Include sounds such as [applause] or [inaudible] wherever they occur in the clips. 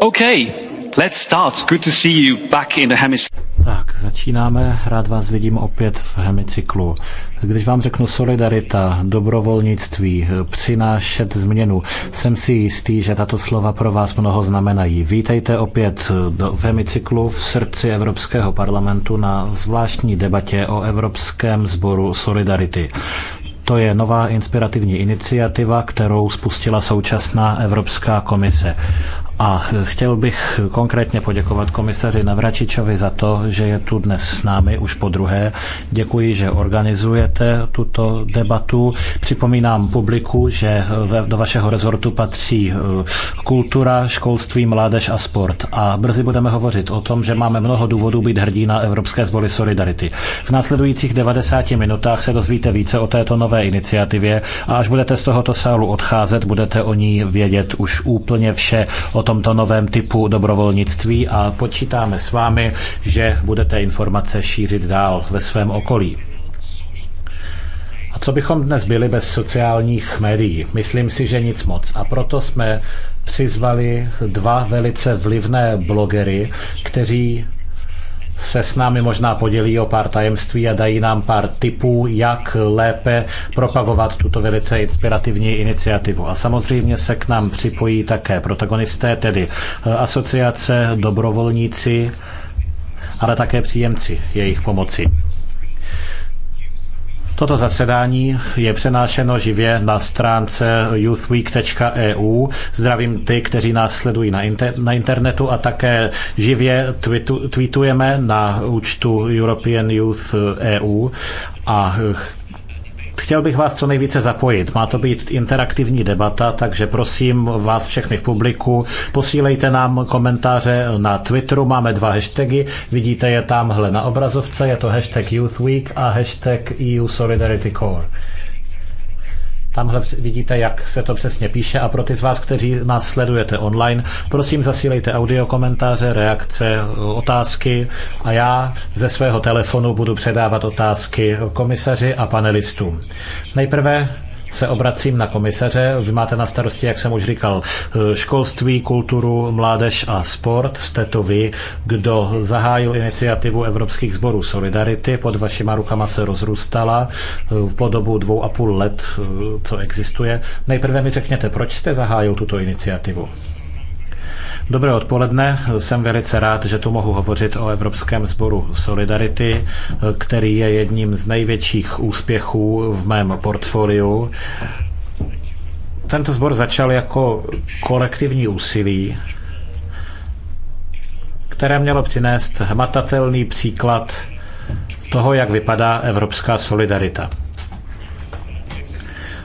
Okay, let's start. Good to see you back in the hemicycle. Tak, začínáme. Rád vás vidím opět v hemicyklu. Když vám řeknu solidarita, dobrovolnictví, přinášet změnu, jsem si jistý, že tato slova pro vás mnoho znamenají. Vítejte opět v hemicyklu v srdci Evropského parlamentu na zvláštní debatě o Evropském sboru Solidarity. To je nová inspirativní iniciativa, kterou spustila současná Evropská komise. A chtěl bych konkrétně poděkovat komisaři Navračičovi za to, že je tu dnes s námi už po druhé. Děkuji, že organizujete tuto debatu. Připomínám publiku, že do vašeho rezortu patří eh, kultura, školství, mládež a sport. A brzy budeme hovořit o tom, že máme mnoho důvodů být hrdí na Evropské zboli Solidarity. V následujících 90 minutách se dozvíte více o této nové iniciativě a až budete z tohoto sálu odcházet, budete o ní vědět už úplně vše o tomto novém typu dobrovolnictví a počítáme s vámi, že budete informace šířit dál ve svém okolí. A co bychom dnes byli bez sociálních médií? Myslím si, že nic moc. A proto jsme přizvali dva velice vlivné blogery, kteří se s námi možná podělí o pár tajemství a dají nám pár tipů, jak lépe propagovat tuto velice inspirativní iniciativu. A samozřejmě se k nám připojí také protagonisté, tedy eh, asociace, dobrovolníci, ale také příjemci jejich pomoci. Toto zasedání je přenášeno živě na stránce youthweek.eu. E Zdravím ty, kteří nás sledují na, inter- na internetu a také živě tweetu- tweetujeme na účtu European Youth EU a Chtěl bych vás co nejvíce zapojit. Má to být interaktivní debata, takže prosím vás všechny v publiku, posílejte nám komentáře na Twitteru, máme dva hashtagy, vidíte je tamhle na obrazovce, je to hashtag Youth Week a hashtag EU Solidarity Core. Tamhle vidíte, jak se to přesně píše a pro ty z vás, kteří nás sledujete online, prosím zasílejte audio komentáře, reakce, otázky a já ze svého telefonu budu předávat otázky komisaři a panelistům. Nejprve se obracím na komisaře. Vy máte na starosti, jak jsem už říkal, eh, školství, kulturu, mládež a sport. Jste to vy, kdo zahájil iniciativu Evropských sborů Solidarity. Pod vašima rukama se rozrůstala eh, po dobu dvou a půl let, eh, co existuje. Nejprve mi řekněte, proč jste zahájil tuto iniciativu? Dobré odpoledne, jsem velice rád, že tu mohu hovořit o Evropském sboru Solidarity, který je jedním z největších úspěchů v mém portfoliu. Tento sbor začal jako kolektivní úsilí, které mělo přinést hmatatelný příklad toho, jak vypadá evropská solidarita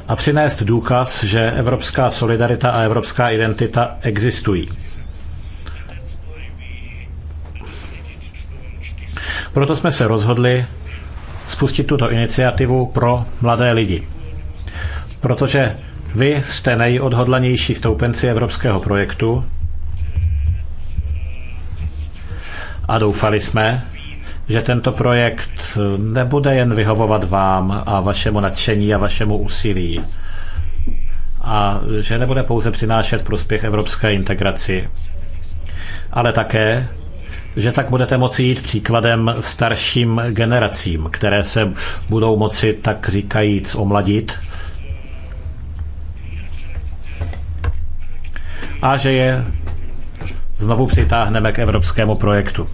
a přinést důkaz, že evropská solidarita a evropská identita existují. Proto jsme se rozhodli spustit tuto iniciativu pro mladé lidi. Protože vy jste nejodhodlanější stoupenci evropského projektu a doufali jsme, že tento projekt nebude jen vyhovovat vám a vašemu nadšení a vašemu úsilí a že nebude pouze přinášet prospěch evropské integraci, ale také, že tak budete moci jít příkladem starším generacím, které se budou moci tak říkajíc omladit a že je znovu přitáhneme k evropskému projektu.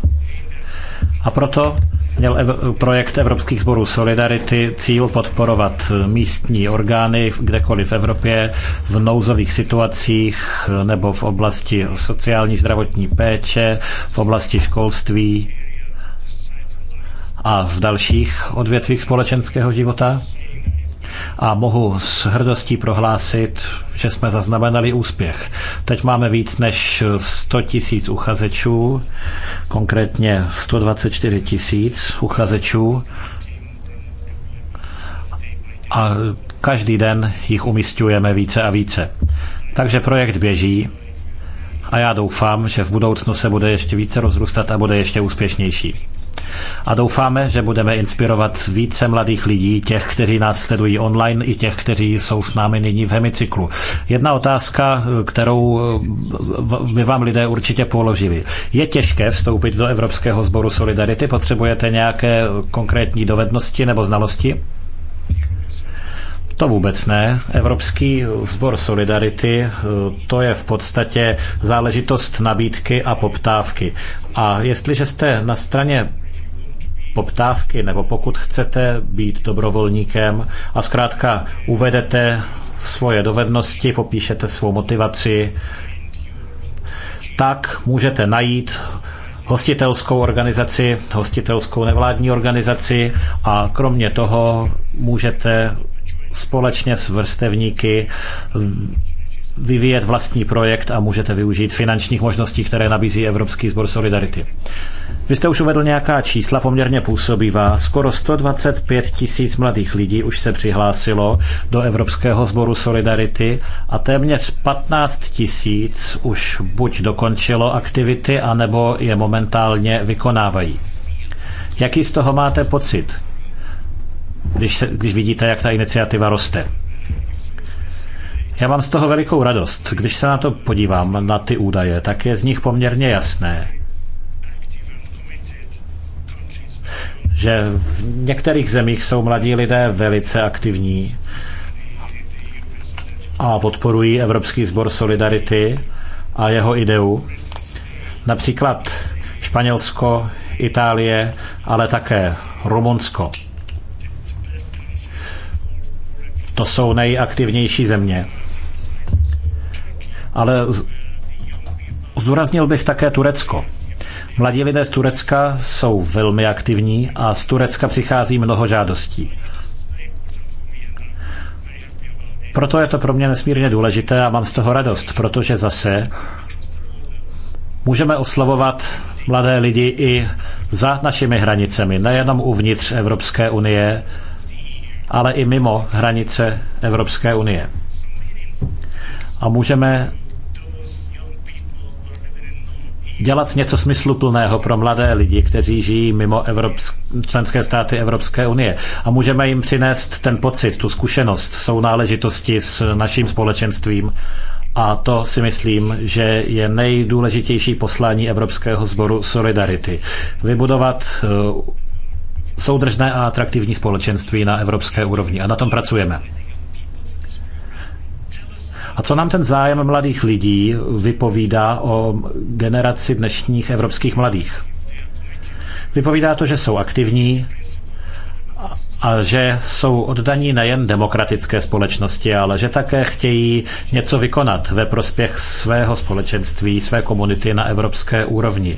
A proto měl ev- projekt Evropských sborů Solidarity cíl podporovat místní orgány kdekoliv v Evropě v nouzových situacích nebo v oblasti sociální zdravotní péče, v oblasti školství a v dalších odvětvích společenského života a mohu s hrdostí prohlásit, že jsme zaznamenali úspěch. Teď máme víc než 100 tisíc uchazečů, konkrétně 124 tisíc uchazečů a každý den jich umistujeme více a více. Takže projekt běží a já doufám, že v budoucnu se bude ještě více rozrůstat a bude ještě úspěšnější a doufáme, že budeme inspirovat více mladých lidí, těch, kteří nás sledují online i těch, kteří jsou s námi nyní v hemicyklu. Jedna otázka, kterou eh, by vám lidé určitě položili. Je těžké vstoupit do Evropského sboru Solidarity? Potřebujete nějaké konkrétní dovednosti nebo znalosti? To vůbec ne. Evropský sbor Solidarity eh, to je v podstatě záležitost nabídky a poptávky. A jestliže jste na straně poptávky, nebo pokud chcete být dobrovolníkem a zkrátka uvedete svoje dovednosti, popíšete svou motivaci, tak můžete najít hostitelskou organizaci, hostitelskou nevládní organizaci a kromě toho můžete společně s vrstevníky vyvíjet vlastní projekt a můžete využít finančních možností, které nabízí Evropský sbor Solidarity. Vy jste už uvedl nějaká čísla, poměrně působivá. Skoro 125 tisíc mladých lidí už se přihlásilo do Evropského sboru Solidarity a téměř 15 tisíc už buď dokončilo aktivity, anebo je momentálně vykonávají. Jaký z toho máte pocit, když, se, když vidíte, jak ta iniciativa roste? Já mám z toho velikou radost. Když se na to podívám, na ty údaje, tak je z nich poměrně jasné, že v některých zemích jsou mladí lidé velice aktivní a podporují Evropský sbor Solidarity a jeho ideu. Například Španělsko, Itálie, ale také Rumunsko. To jsou nejaktivnější země ale zdůraznil bych také Turecko. Mladí lidé z Turecka jsou velmi aktivní a z Turecka přichází mnoho žádostí. Proto je to pro mě nesmírně důležité a mám z toho radost, protože zase můžeme oslavovat mladé lidi i za našimi hranicemi, nejenom uvnitř Evropské unie, ale i mimo hranice Evropské unie. A můžeme dělat něco smysluplného pro mladé lidi, kteří žijí mimo Evropsk- členské státy Evropské unie. A můžeme jim přinést ten pocit, tu zkušenost, jsou náležitosti s naším společenstvím. A to si myslím, že je nejdůležitější poslání Evropského sboru Solidarity. Vybudovat eh, soudržné a atraktivní společenství na evropské úrovni. A na tom pracujeme. A co nám ten zájem mladých lidí vypovídá o generaci dnešních evropských mladých? Vypovídá to, že jsou aktivní a že jsou oddaní nejen demokratické společnosti, ale že také chtějí něco vykonat ve prospěch svého společenství, své komunity na evropské úrovni.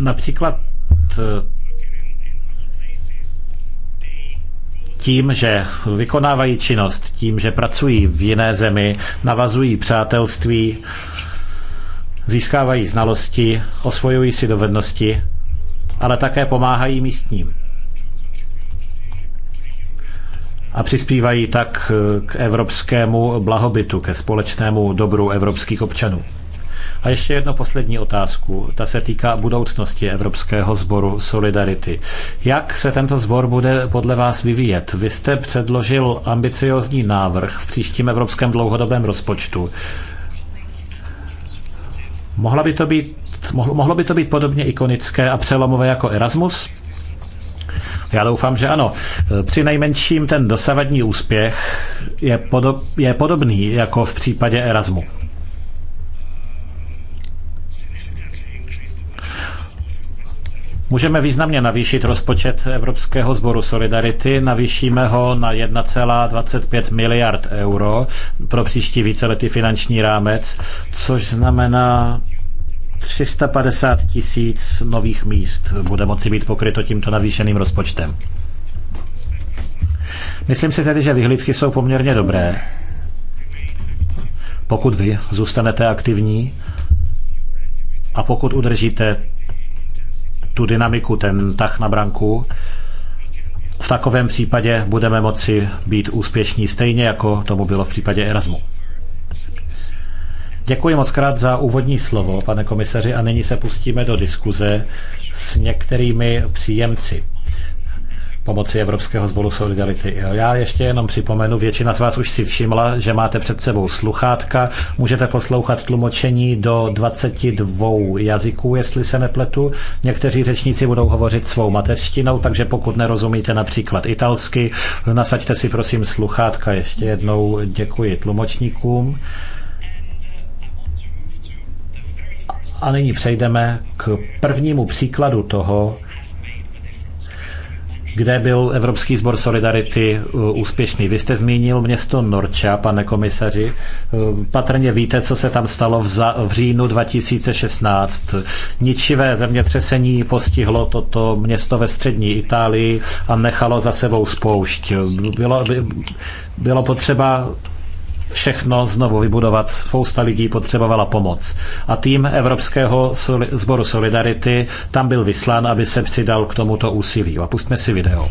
Například eh, tím, že vykonávají činnost, tím, že pracují v jiné zemi, navazují přátelství, získávají znalosti, osvojují si dovednosti, ale také pomáhají místním. A přispívají tak k evropskému blahobytu, ke společnému dobru evropských občanů. A ještě jedno poslední otázku. Ta se týká budoucnosti Evropského sboru Solidarity. Jak se tento sbor bude podle vás vyvíjet? Vy jste předložil ambiciozní návrh v příštím evropském dlouhodobém rozpočtu. Mohla by to být, mohlo, mohlo by to být podobně ikonické a přelomové jako Erasmus? Já doufám, že ano. Při nejmenším ten dosavadní úspěch je, podob, je podobný jako v případě Erasmu. Můžeme významně navýšit rozpočet Evropského sboru Solidarity, navýšíme ho na 1,25 miliard euro pro příští víceletý finanční rámec, což znamená 350 tisíc nových míst bude moci být pokryto tímto navýšeným rozpočtem. Myslím si tedy, že vyhlídky jsou poměrně dobré. Pokud vy zůstanete aktivní a pokud udržíte tu dynamiku, ten tah na branku, v takovém případě budeme moci být úspěšní stejně, jako tomu bylo v případě Erasmu. Děkuji moc krát za úvodní slovo, pane komisaři, a nyní se pustíme do diskuze s některými příjemci pomoci Evropského sboru Solidarity. Já ještě jenom připomenu, většina z vás už si všimla, že máte před sebou sluchátka, můžete poslouchat tlumočení do 22 jazyků, jestli se nepletu. Někteří řečníci budou hovořit svou mateřštinou, takže pokud nerozumíte například italsky, nasaďte si prosím sluchátka. Ještě jednou děkuji tlumočníkům. A nyní přejdeme k prvnímu příkladu toho, kde byl Evropský sbor Solidarity uh, úspěšný. Vy jste zmínil město Norča, pane komisaři. Um, patrně víte, co se tam stalo v, za, v říjnu 2016. Ničivé zemětřesení postihlo toto město ve střední Itálii a nechalo za sebou spoušť. Bylo, by, bylo potřeba všechno znovu vybudovat. Spousta lidí potřebovala pomoc. A tým Evropského sboru Solidarity tam byl vyslán, aby se přidal k tomuto úsilí. A pustme si video.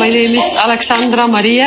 My name is Alexandra Maria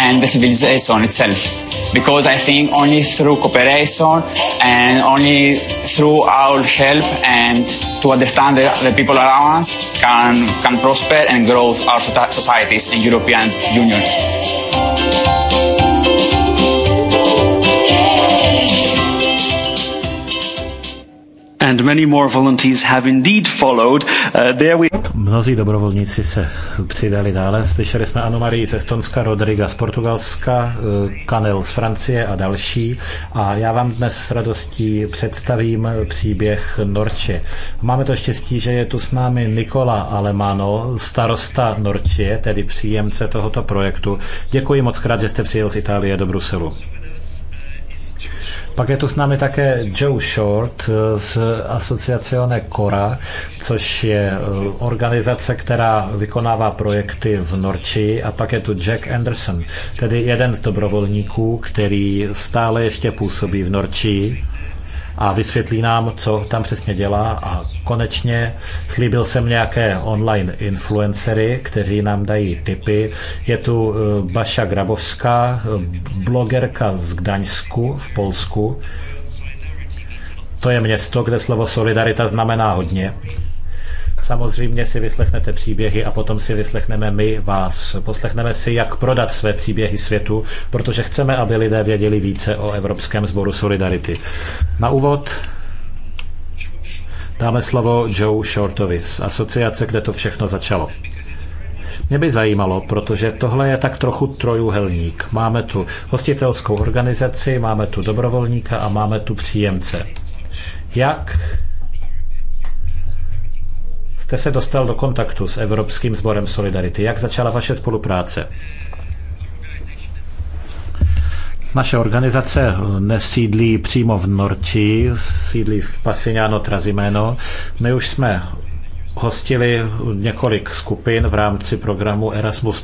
and the civilization itself. Because I think only through cooperation and only through our help and to understand the, the people around us can, can prosper and grow our societies in European Union. and many more volunteers have indeed followed. Uh, there we... Mnozí dobrovolníci se přidali dále. Slyšeli jsme Anu Marii z Estonska, Rodriga z Portugalska, eh, Kanel z Francie a další. A já vám dnes s radostí představím příběh Norče. Máme to štěstí, že je tu s námi Nikola Alemano, starosta Norče, tedy příjemce tohoto projektu. Děkuji moc krát, že jste přijel z Itálie do Bruselu. Pak je tu s námi také Joe Short eh, z Asociacione Cora, což je eh, organizace, která vykonává projekty v Norči. A pak je tu Jack Anderson, tedy jeden z dobrovolníků, který stále ještě působí v Norči a vysvětlí nám, co tam přesně dělá. A konečně slíbil jsem nějaké online influencery, kteří nám dají tipy. Je tu eh, Baša Grabovská, eh, blogerka z Gdaňsku v Polsku. To je město, kde slovo solidarita znamená hodně. Samozřejmě si vyslechnete příběhy a potom si vyslechneme my vás. Poslechneme si, jak prodat své příběhy světu, protože chceme, aby lidé věděli více o Evropském sboru Solidarity. Na úvod dáme slovo Joe Shortovi z asociace, kde to všechno začalo. Mě by zajímalo, protože tohle je tak trochu trojuhelník. Máme tu hostitelskou organizaci, máme tu dobrovolníka a máme tu příjemce. Jak jste se dostal do kontaktu s Evropským sborem Solidarity. Jak začala vaše spolupráce? Naše organizace nesídlí přímo v Norti, sídlí v Pasignano Trazimeno. My už jsme hostili několik skupin v rámci programu Erasmus+.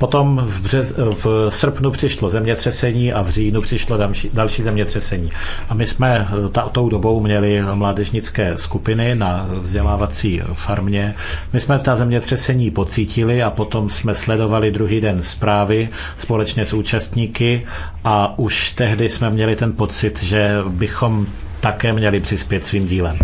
Potom v, břez, v srpnu přišlo zemětřesení a v říjnu přišlo další, další zemětřesení. A my jsme eh, ta, tou dobou měli mládežnické skupiny na vzdělávací farmě. My jsme ta zemětřesení pocítili a potom jsme sledovali druhý den zprávy společně s účastníky a už tehdy jsme měli ten pocit, že bychom také měli přispět svým dílem.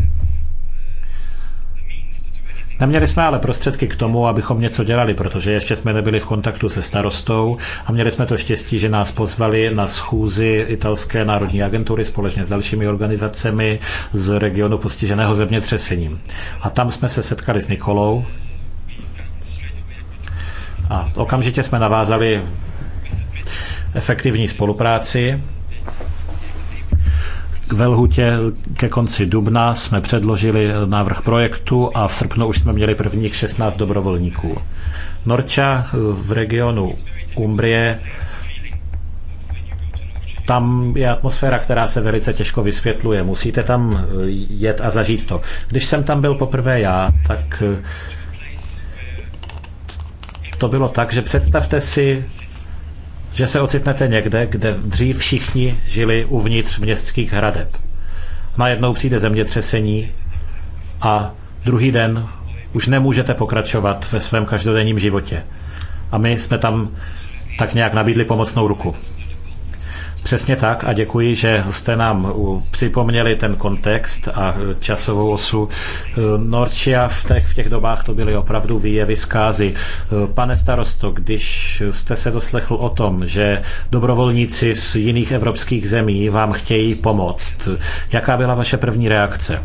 Neměli jsme ale prostředky k tomu, abychom něco dělali, protože ještě jsme nebyli v kontaktu se starostou a měli jsme to štěstí, že nás pozvali na schůzi italské národní agentury společně s dalšími organizacemi z regionu postiženého zemětřesením. A tam jsme se setkali s Nikolou a okamžitě jsme navázali efektivní spolupráci k Velhutě ke konci dubna jsme předložili návrh projektu a v srpnu už jsme měli prvních 16 dobrovolníků. Norča v regionu Umbrie tam je atmosféra, která se velice těžko vysvětluje. Musíte tam jet a zažít to. Když jsem tam byl poprvé já, tak to bylo tak, že představte si že se ocitnete někde, kde dřív všichni žili uvnitř městských hradeb. Najednou přijde zemětřesení a druhý den už nemůžete pokračovat ve svém každodenním životě. A my jsme tam tak nějak nabídli pomocnou ruku. Přesně tak a děkuji, že jste nám připomněli ten kontext a e, časovou osu. E, Norčia v těch, v těch dobách to byly opravdu výjevy zkázy. E, Pane starosto, když jste se doslechl o tom, že dobrovolníci z jiných evropských zemí vám chtějí pomoct, jaká byla vaše první reakce?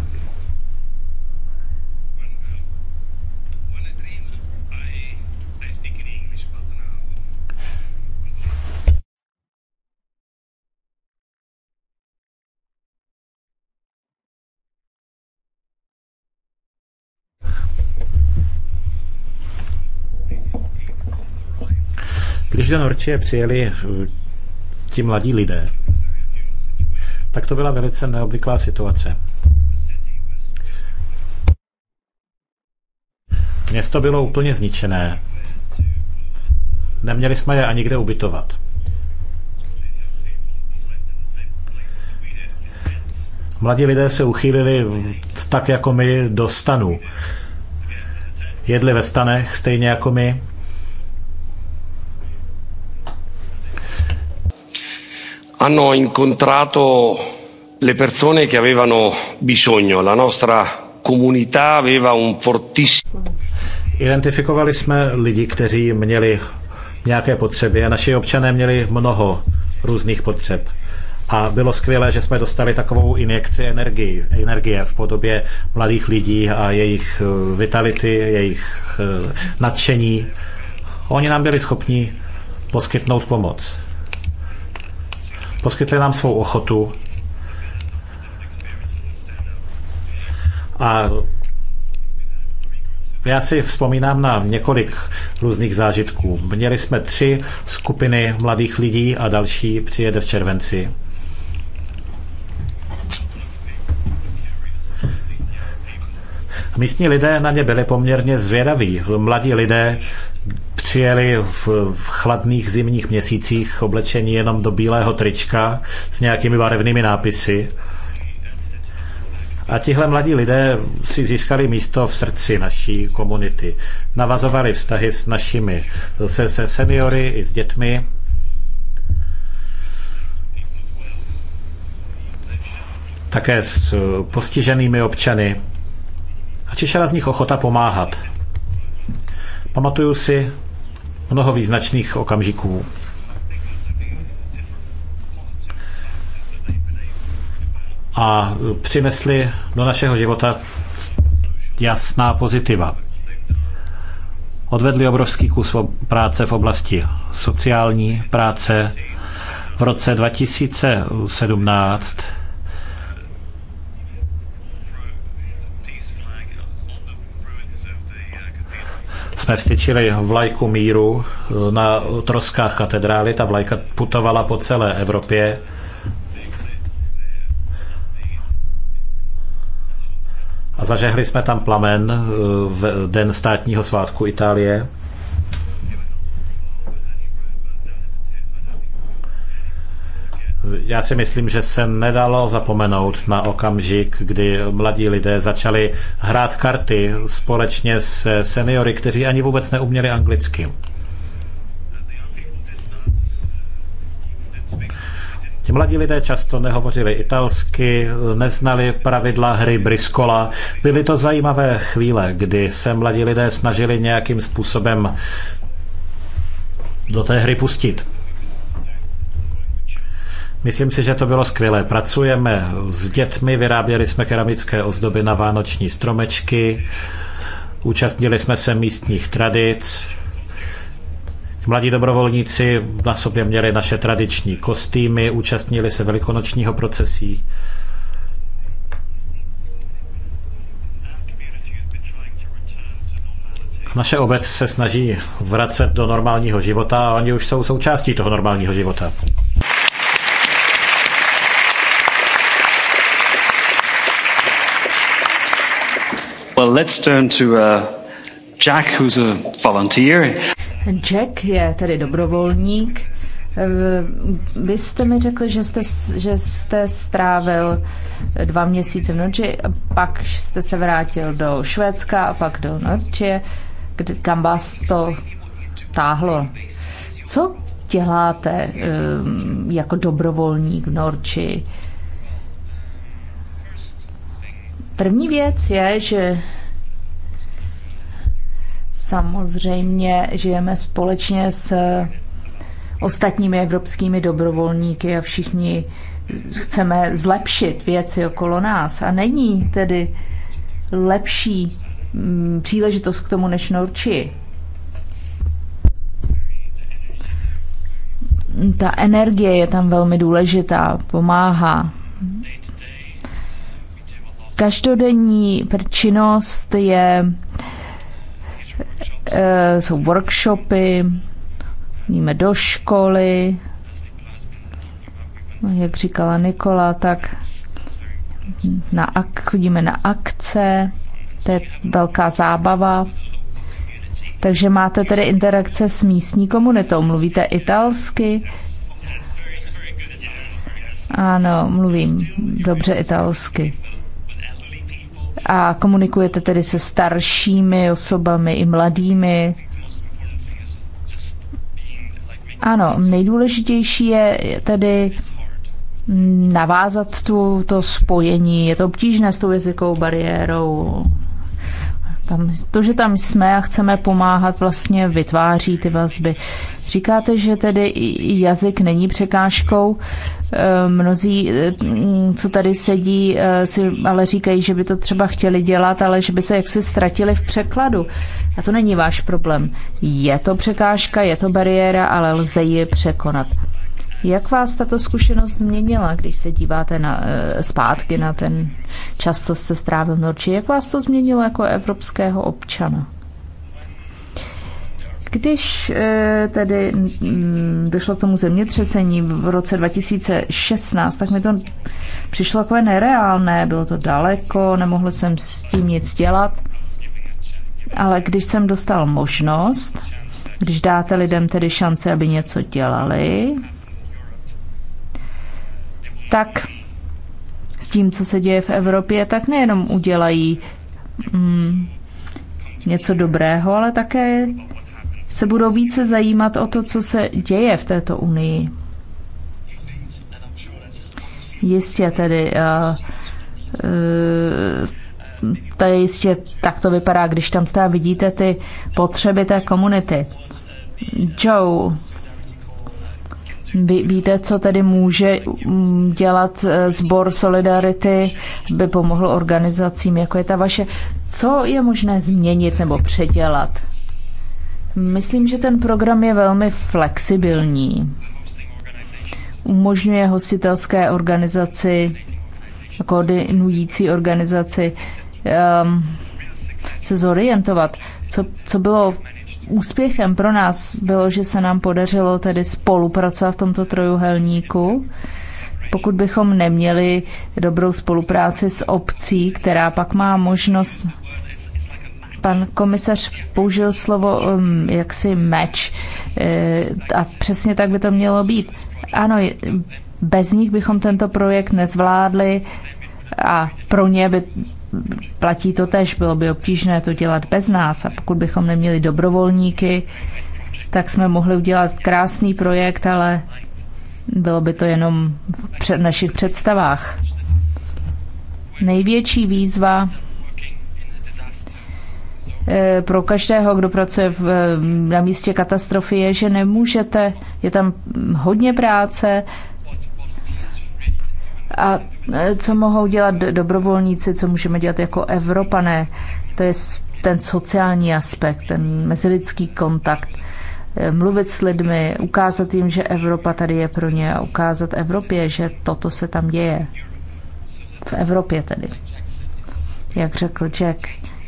do Norče přijeli eh, ti mladí lidé, tak to byla velice neobvyklá situace. Město bylo úplně zničené. Neměli jsme je ani kde ubytovat. Mladí lidé se uchýlili tak jako my do stanu. Jedli ve stanech, stejně jako my. hanno incontrato le persone che avevano bisogno. La nostra comunità aveva un fortissimo. Identifikovali jsme lidi, kteří měli nějaké potřeby a naši občané měli mnoho různých potřeb. A bylo skvělé, že jsme dostali takovou injekci energie, energie v podobě mladých lidí a jejich eh, vitality, jejich eh, nadšení. Oni nám byli schopni poskytnout pomoc. Poskytli nám svou ochotu a já si vzpomínám na několik různých zážitků. Měli jsme tři skupiny mladých lidí a další přijede v červenci. Místní lidé na ně byli poměrně zvědaví. Mladí lidé přijeli v, v chladných zimních měsících oblečení jenom do bílého trička s nějakými barevnými nápisy. A tihle mladí lidé si získali místo v srdci naší komunity. Navazovali vztahy s našimi, se, se seniory i s dětmi. Také s postiženými občany. A čišela z nich ochota pomáhat. Pamatuju si mnoho význačných okamžiků. A přinesli do našeho života jasná pozitiva. Odvedli obrovský kus práce v oblasti sociální práce. V roce 2017 jsme vstyčili vlajku míru eh, na troskách katedrály. Ta vlajka putovala po celé Evropě. A zažehli jsme tam plamen eh, v den státního svátku Itálie. Já si myslím, že se nedalo zapomenout na okamžik, kdy mladí lidé začali hrát karty společně s seniory, kteří ani vůbec neuměli anglicky. Ti mladí lidé často nehovořili italsky, neznali pravidla hry Briskola. Byly to zajímavé chvíle, kdy se mladí lidé snažili nějakým způsobem do té hry pustit. Myslím si, že to bylo skvělé. Pracujeme s dětmi, vyráběli jsme keramické ozdoby na vánoční stromečky, účastnili jsme se místních tradic. Mladí dobrovolníci na sobě měli naše tradiční kostýmy, účastnili se velikonočního procesí. Naše obec se snaží vracet do normálního života a oni už jsou součástí toho normálního života. Well, let's turn to uh, Jack, who's a volunteer. Jack je tedy dobrovolník. Eh, vy jste mi řekl, že jste, že jste strávil eh, dva měsíce noči, Norči, pak jste se vrátil do Švédska a pak do Norče, kam vás to táhlo. Co děláte um, jako dobrovolník v Norči? Uh, První věc je, že samozřejmě žijeme společně s ostatními evropskými dobrovolníky a všichni chceme zlepšit věci okolo nás. A není tedy lepší mm, příležitost k tomu než Norči. Ta energie je tam velmi důležitá, pomáhá Každodenní činnost je, eh, jsou workshopy, jíme do školy, jak říkala Nikola, tak na ak, chodíme na akce, to je velká zábava. Takže máte tedy interakce s místní komunitou. Mluvíte italsky? Ano, mluvím dobře italsky a komunikujete tedy se staršími osobami i mladými. Ano, nejdůležitější je tedy navázat tu, to spojení. Je to obtížné s tou jazykovou bariérou, tam, to, že tam jsme a chceme pomáhat, vlastně vytváří ty vazby. Říkáte, že tedy jazyk není překážkou. Eh, mnozí, eh, co tady sedí, eh, si ale říkají, že by to třeba chtěli dělat, ale že by se jaksi ztratili v překladu. A to není váš problém. Je to překážka, je to bariéra, ale lze ji překonat. Jak vás tato zkušenost změnila, když se díváte na, eh, zpátky na ten čas, co jste strávil v Norči? Jak vás to změnilo jako evropského občana? Když eh, tedy mm, došlo k tomu zemětřesení v roce 2016, tak mi to přišlo takové nereálné, bylo to daleko, nemohl jsem s tím nic dělat. Ale když jsem dostal možnost, když dáte lidem tedy šanci, aby něco dělali, tak s tím, co se děje v Evropě, tak nejenom udělají mm, něco dobrého, ale také se budou více zajímat o to, co se děje v této unii. Jistě tedy. Uh, uh, to je jistě, tak to vypadá, když tam stále vidíte ty potřeby té komunity. Joe, vy víte, co tedy může mm, dělat eh, sbor Solidarity, by pomohl organizacím, jako je ta vaše. Co je možné změnit nebo předělat? Myslím, že ten program je velmi flexibilní. Umožňuje hostitelské organizaci, koordinující organizaci um, se zorientovat, co, co bylo úspěchem pro nás bylo, že se nám podařilo tedy spolupracovat v tomto trojuhelníku. Pokud bychom neměli dobrou spolupráci s obcí, která pak má možnost pan komisař použil slovo um, jaksi meč e, eh, a přesně tak by to mělo být. Ano, bez nich bychom tento projekt nezvládli a pro ně by platí to tež, bylo by obtížné to dělat bez nás a pokud bychom neměli dobrovolníky, tak jsme mohli udělat krásný projekt, ale bylo by to jenom v před našich představách. Největší výzva eh, pro každého, kdo pracuje v, eh, na místě katastrofy, je, že nemůžete, je tam hodně práce, a e, co mohou dělat dobrovolníci, co můžeme dělat jako Evropané, to je ten sociální aspekt, ten mezilidský kontakt, e, mluvit s lidmi, ukázat jim, že Evropa tady je pro ně a ukázat Evropě, že toto se tam děje. V Evropě tedy. Jak řekl Jack,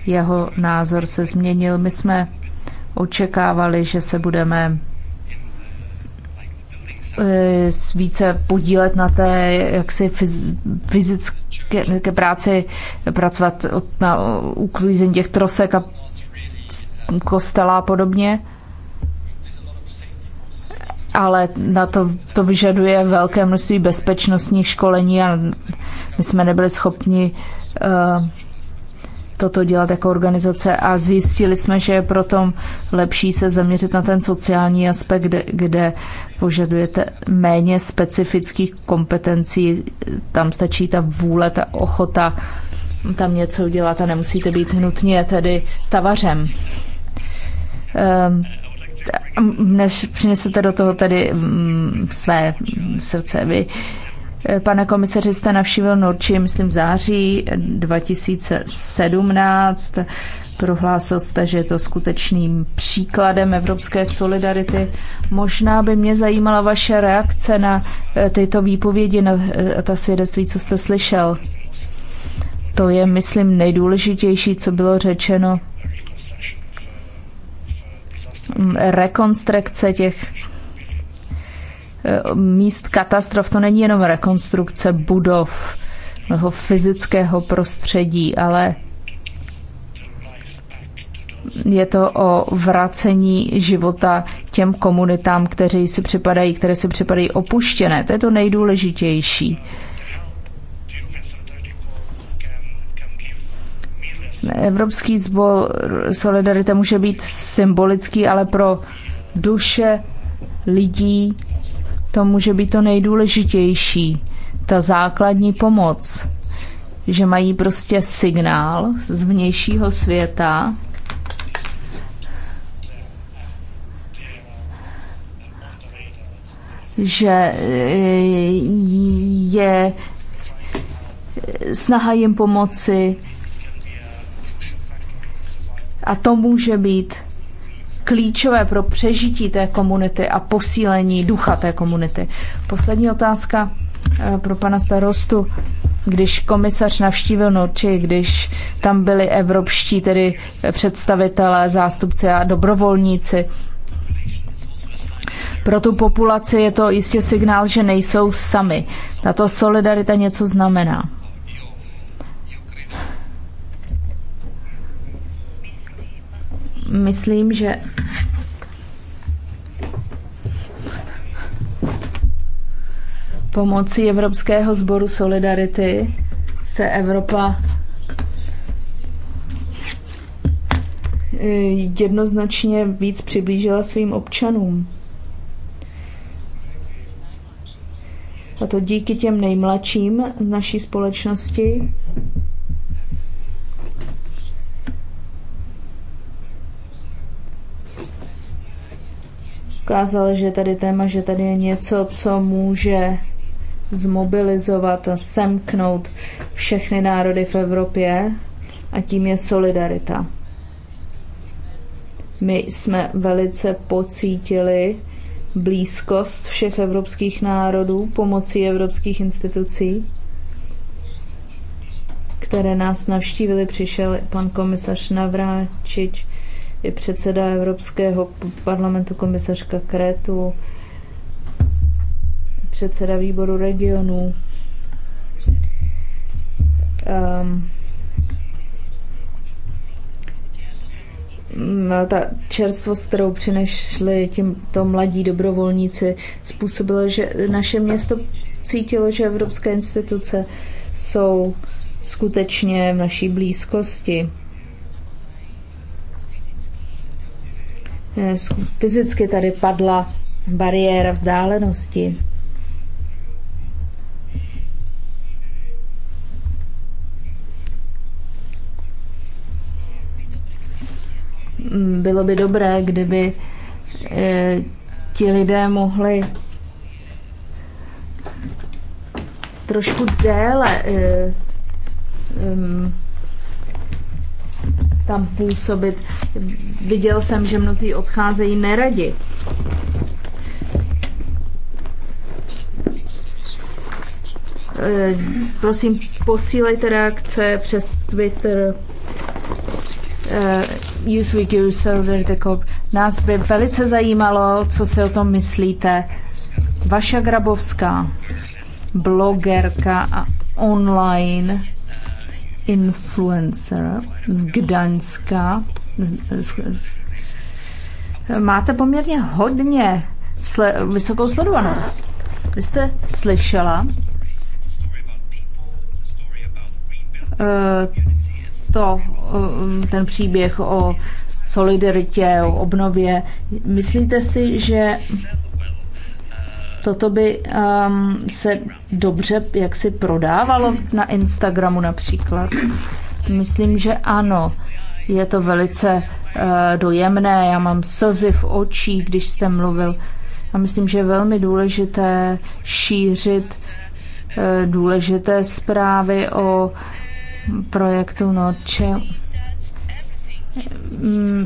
jeho názor se změnil. My jsme očekávali, že se budeme Eh, více podílet na té jaksi fyzické práci, pracovat na uklízení těch trosek a kostela a podobně. Ale na to, to vyžaduje velké množství bezpečnostních školení a my jsme nebyli schopni uh, toto dělat jako organizace a zjistili jsme, že je proto lepší se zaměřit na ten sociální aspekt, kde, kde požadujete méně specifických kompetencí, tam stačí ta vůle, ta ochota tam něco udělat a nemusíte být nutně tedy stavařem. Um, než přinesete do toho tedy mm, své srdce vy, Eh, Pane komisaři, jste navštívil Norči, myslím, v září 2017. Eh, Prohlásil jste, že je to skutečným příkladem evropské solidarity. Možná by mě zajímala vaše reakce na eh, tyto výpovědi, na ta svědectví, co jste slyšel. To je, myslím, nejdůležitější, co bylo řečeno. Mm, rekonstrukce těch míst katastrof. To není jenom rekonstrukce budov, toho fyzického prostředí, ale je to o vracení života těm komunitám, které si připadají, které si připadají opuštěné. To je to nejdůležitější. Evropský sbor Solidarita může být symbolický, ale pro duše lidí to může být to nejdůležitější, ta základní pomoc, že mají prostě signál z vnějšího světa, že eh, je snaha jim pomoci a to může být klíčové pro přežití té komunity a posílení ducha té komunity. Poslední otázka eh, pro pana starostu. Když komisař navštívil Norči, když tam byli evropští tedy představitelé, zástupci a dobrovolníci, pro tu populaci je to jistě signál, že nejsou sami. Tato solidarita něco znamená. myslím, že pomocí Evropského sboru Solidarity se Evropa eh, jednoznačně víc přiblížila svým občanům. A to díky těm nejmladším v naší společnosti, ukázal, že tady téma, že tady je něco, co může zmobilizovat a semknout všechny národy v Evropě a tím je solidarita. My jsme velice pocítili blízkost všech evropských národů pomocí evropských institucí, které nás navštívili. Přišel pan komisař Navráčič, i předseda Evropského parlamentu komisařka Krétu, předseda výboru regionů. Um, ta čerstvost, kterou přinešli tím, to mladí dobrovolníci, způsobilo, že naše město cítilo, že evropské instituce jsou skutečně v naší blízkosti. Eh, fyzicky tady padla bariéra vzdálenosti. Bylo by dobré, kdyby eh, ti lidé mohli trošku déle eh, tam působit. Viděl jsem, že mnozí odcházejí neradi. Eh, prosím, posílejte reakce přes Twitter, uh, eh, Newsweek, Nás by velice zajímalo, co si o tom myslíte. Vaša Grabovská, blogerka a online influencer z Gdaňska. Máte poměrně hodně sle- vysokou sledovanost. Vy jste slyšela eh, to, eh, ten příběh o solidaritě, o obnově. Myslíte si, že Toto by um, se dobře jaksi prodávalo na Instagramu například. Myslím, že ano. Je to velice uh, dojemné. Já mám slzy v očích, když jste mluvil. A myslím, že je velmi důležité šířit uh, důležité zprávy o projektu Noče. Mm,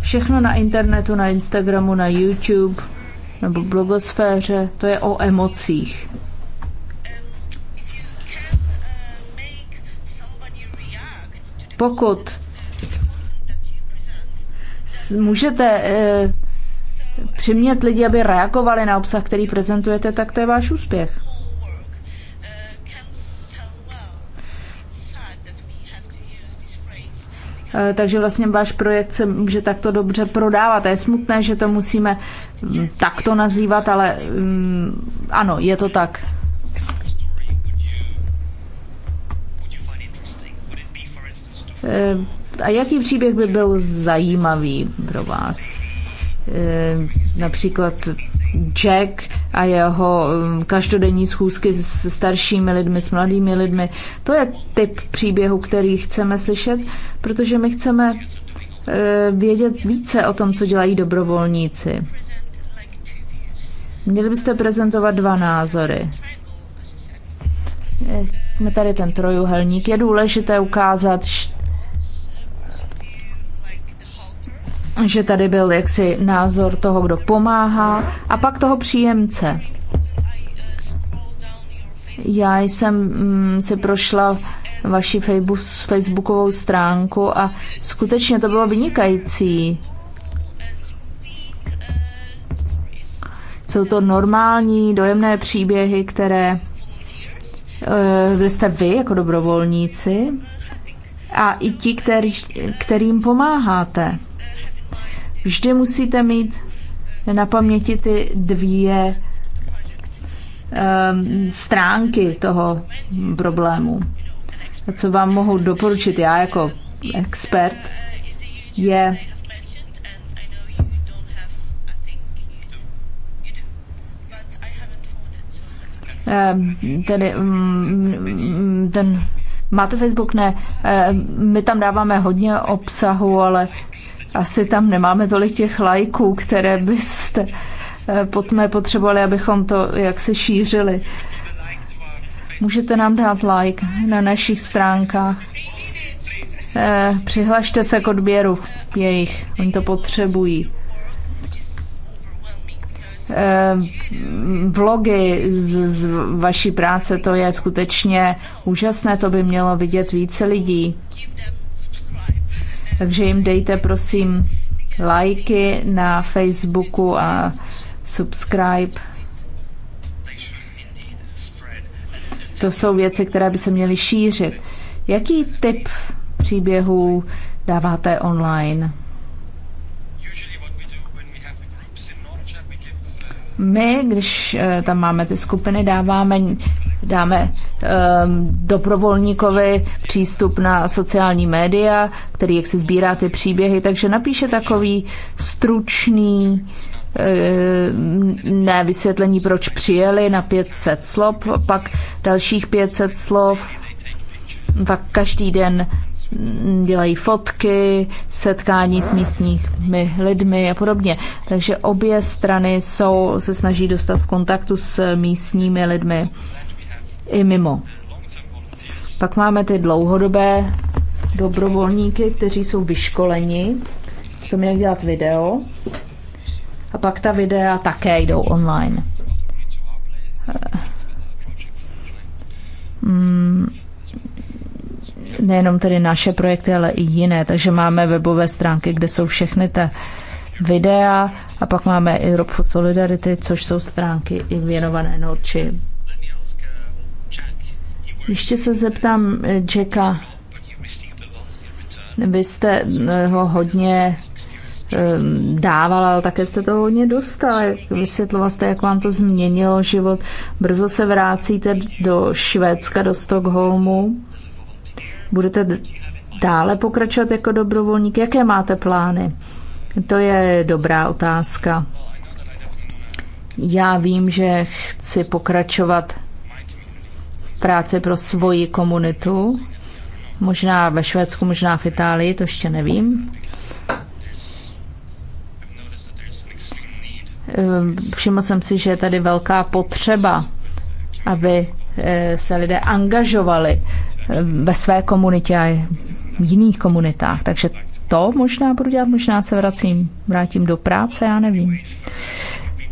všechno na internetu, na Instagramu, na YouTube – nebo blogosféře, to je o emocích. Pokud můžete eh, přimět lidi, aby reagovali na obsah, který prezentujete, tak to je váš úspěch. Eh, takže vlastně váš projekt se může takto dobře prodávat. A je smutné, že to musíme tak to nazývat, ale mm, ano, je to tak. Eh, a jaký příběh by byl zajímavý pro vás? Eh, například Jack a jeho mm, každodenní schůzky s staršími lidmi, s mladými lidmi. To je typ příběhu, který chceme slyšet, protože my chceme eh, vědět více o tom, co dělají dobrovolníci. Měli byste prezentovat dva názory. Jsme tady ten trojuhelník. Je důležité ukázat, že tady byl jaksi názor toho, kdo pomáhá, a pak toho příjemce. Já jsem mm, si prošla vaši Facebookovou stránku a skutečně to bylo vynikající. Jsou to normální, dojemné příběhy, které byli eh, jste vy jako dobrovolníci a i ti, který, kterým pomáháte. Vždy musíte mít na paměti ty dvě um, stránky toho problému. A co vám mohu doporučit já jako expert, je Ehm, tedy mm, mm, ten Máte Facebook? Ne. Ehm, my tam dáváme hodně obsahu, ale asi tam nemáme tolik těch lajků, které byste eh, potme potřebovali, abychom to jaksi šířili. Můžete nám dát like na našich stránkách. Eh, přihlašte se k odběru jejich, oni to potřebují. Eh, vlogy z, z vaší práce, to je skutečně úžasné, to by mělo vidět více lidí. Takže jim dejte prosím lajky na Facebooku a subscribe. To jsou věci, které by se měly šířit. Jaký typ příběhů dáváte online? My, když eh, tam máme ty skupiny, dáváme, dáme um, dobrovolníkovi přístup na sociální média, který jak si sbírá ty příběhy, takže napíše takový stručný eh, ne vysvětlení, proč přijeli na 500 slov, pak dalších 500 slov, pak každý den dělají fotky, setkání s místními lidmi a podobně. Takže obě strany jsou, se snaží dostat v kontaktu s místními lidmi i mimo. Pak máme ty dlouhodobé dobrovolníky, kteří jsou vyškoleni v tom, jak dělat video. A pak ta videa také jdou online. Hmm nejenom tedy naše projekty, ale i jiné. Takže máme webové stránky, kde jsou všechny ty videa a pak máme Europe for Solidarity, což jsou stránky i věnované Norči. Ještě se zeptám eh, Jacka, vy jste eh, ho hodně eh, dával, ale také jste to hodně dostal. Vysvětloval jste, jak vám to změnilo život. Brzo se vrácíte do Švédska, do Stockholmu. Budete dále pokračovat jako dobrovolník? Jaké máte plány? To je dobrá otázka. Já vím, že chci pokračovat v práci pro svoji komunitu. Možná ve Švédsku, možná v Itálii, to ještě nevím. Ehm, všiml jsem si, že je tady velká potřeba, aby eh, se lidé angažovali ve své komunitě a v jiných komunitách. Takže to možná budu dělat, možná se vracím, vrátím do práce, já nevím.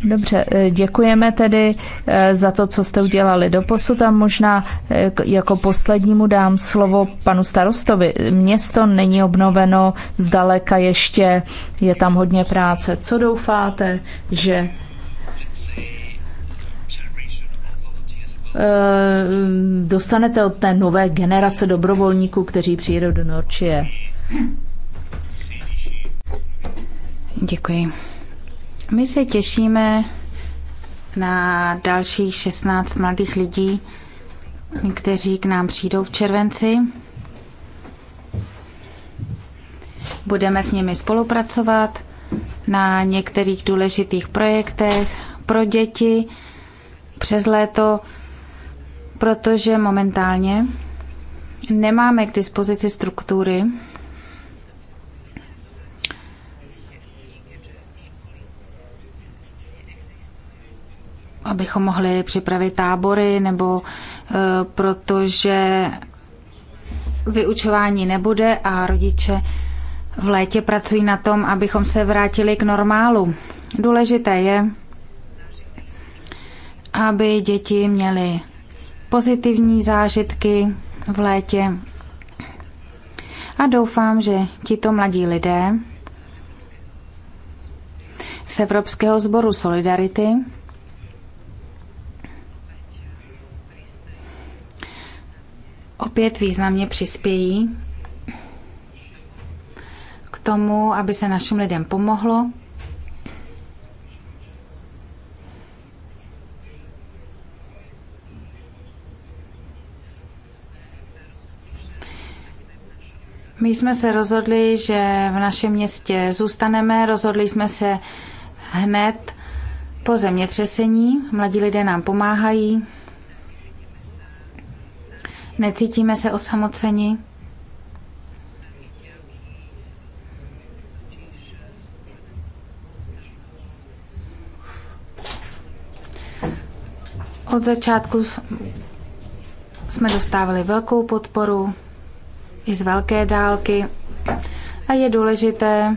Dobře, eh, děkujeme tedy eh, za to, co jste udělali do posud a možná eh, jako poslednímu dám slovo panu starostovi. Město není obnoveno zdaleka ještě, je tam hodně práce. Co doufáte, že Eh, dostanete od té nové generace dobrovolníků, kteří přijedou do Norčie? Děkuji. My se těšíme na dalších 16 mladých lidí, kteří k nám přijdou v červenci. Budeme s nimi spolupracovat na některých důležitých projektech pro děti přes léto protože momentálně nemáme k dispozici struktury, abychom mohli připravit tábory, nebo eh, protože vyučování nebude a rodiče v létě pracují na tom, abychom se vrátili k normálu. Důležité je, aby děti měly pozitivní zážitky v létě a doufám, že tito mladí lidé z Evropského sboru Solidarity opět významně přispějí k tomu, aby se našim lidem pomohlo My jsme se rozhodli, že v našem městě zůstaneme. Rozhodli jsme se hned po zemětřesení. Mladí lidé nám pomáhají. Necítíme se osamoceni. Od začátku jsme dostávali velkou podporu i z velké dálky. A je důležité,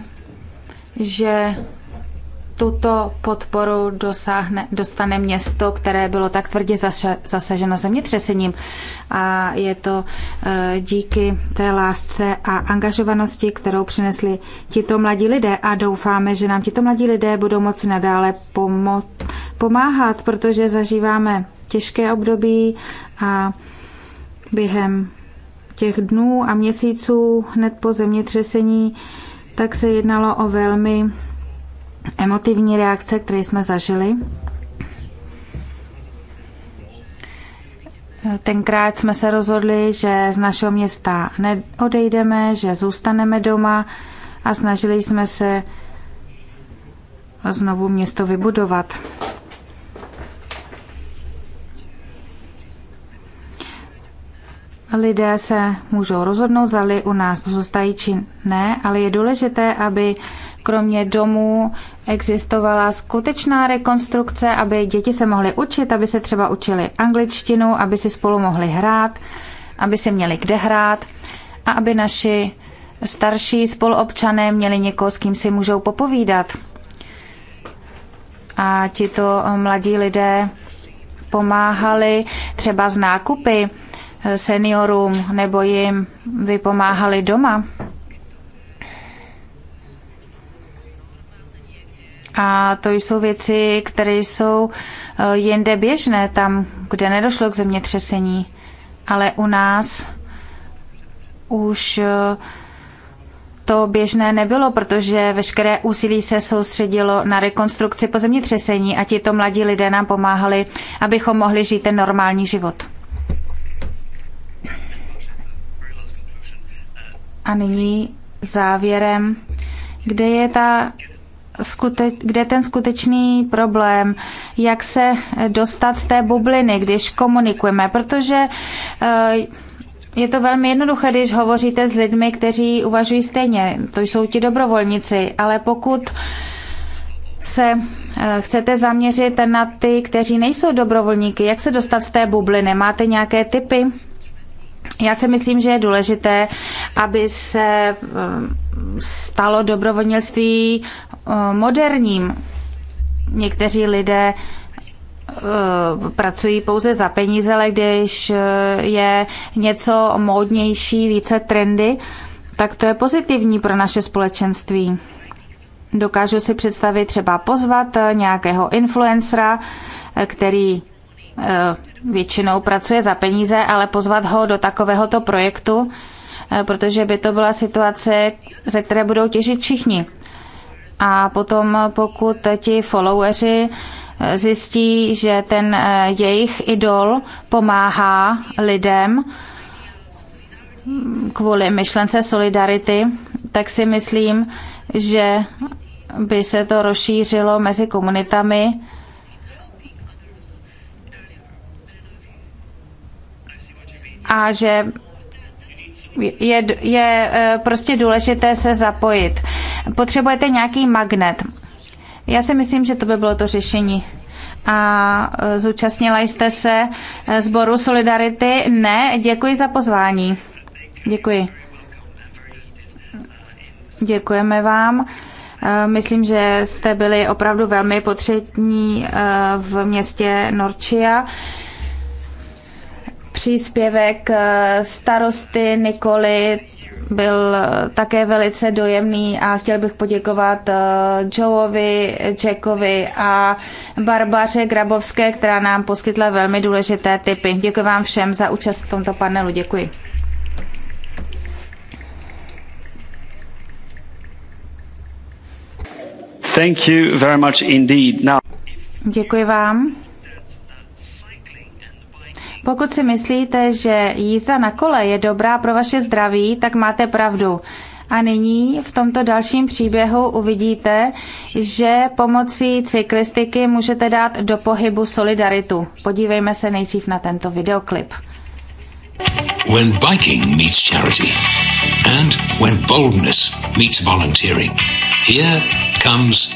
že tuto podporu dosáhne, dostane město, které bylo tak tvrdě zaša, zasaženo zemětřesením. A je to e, díky té lásce a angažovanosti, kterou přinesli tito mladí lidé. A doufáme, že nám tito mladí lidé budou moci nadále pomo- pomáhat, protože zažíváme těžké období a během těch dnů a měsíců hned po zemětřesení, tak se jednalo o velmi emotivní reakce, které jsme zažili. Tenkrát jsme se rozhodli, že z našeho města neodejdeme, že zůstaneme doma a snažili jsme se znovu město vybudovat. lidé se můžou rozhodnout, zali u nás zůstají či ne, ale je důležité, aby kromě domů existovala skutečná rekonstrukce, aby děti se mohly učit, aby se třeba učili angličtinu, aby si spolu mohli hrát, aby si měli kde hrát a aby naši starší spoluobčané měli někoho, s kým si můžou popovídat. A tito mladí lidé pomáhali třeba z nákupy, seniorům nebo jim vypomáhali doma. A to jsou věci, které jsou eh, jinde běžné, tam, kde nedošlo k zemětřesení. Ale u nás už eh, to běžné nebylo, protože veškeré úsilí se soustředilo na rekonstrukci po zemětřesení a tito mladí lidé nám pomáhali, abychom mohli žít ten normální život. A nyní závěrem, kde je ta kde ten skutečný problém, jak se dostat z té bubliny, když komunikujeme, protože eh, je to velmi jednoduché, když hovoříte s lidmi, kteří uvažují stejně. To jsou ti dobrovolníci, ale pokud se eh, chcete zaměřit na ty, kteří nejsou dobrovolníky, jak se dostat z té bubliny? Máte nějaké typy? Já si myslím, že je důležité, aby se um, stalo dobrovolnictví uh, moderním. Někteří lidé uh, pracují pouze za peníze, ale když uh, je něco módnější, více trendy, tak to je pozitivní pro naše společenství. Dokážu si představit třeba pozvat nějakého influencera, který Eh, většinou pracuje za peníze, ale pozvat ho do takovéhoto projektu, eh, protože by to byla situace, ze které budou těžit všichni. A potom pokud ti followeri eh, zjistí, že ten jejich idol pomáhá lidem mm, kvůli myšlence solidarity, tak si myslím, že by se to rozšířilo mezi komunitami, a že je, je e, prostě důležité se zapojit. Potřebujete nějaký magnet. Já si myslím, že to by bylo to řešení. A e, zúčastnila jste se e, sboru Solidarity? Ne, děkuji za pozvání. Děkuji. Děkujeme vám. Myslím, že jste byli opravdu velmi potřební v městě Norčia příspěvek eh, starosty Nikoli byl eh, také velice dojemný a chtěl bych poděkovat eh, Joeovi, Jackovi a Barbaře Grabovské, která nám poskytla velmi důležité typy. Děkuji vám všem za účast v tomto panelu. Děkuji. Thank you very much indeed. Now... Děkuji vám. Pokud si myslíte, že jízda na kole je dobrá pro vaše zdraví, tak máte pravdu. A nyní v tomto dalším příběhu uvidíte, že pomocí cyklistiky můžete dát do pohybu solidaritu. Podívejme se nejdřív na tento videoklip. When biking meets charity and when boldness meets volunteering, here comes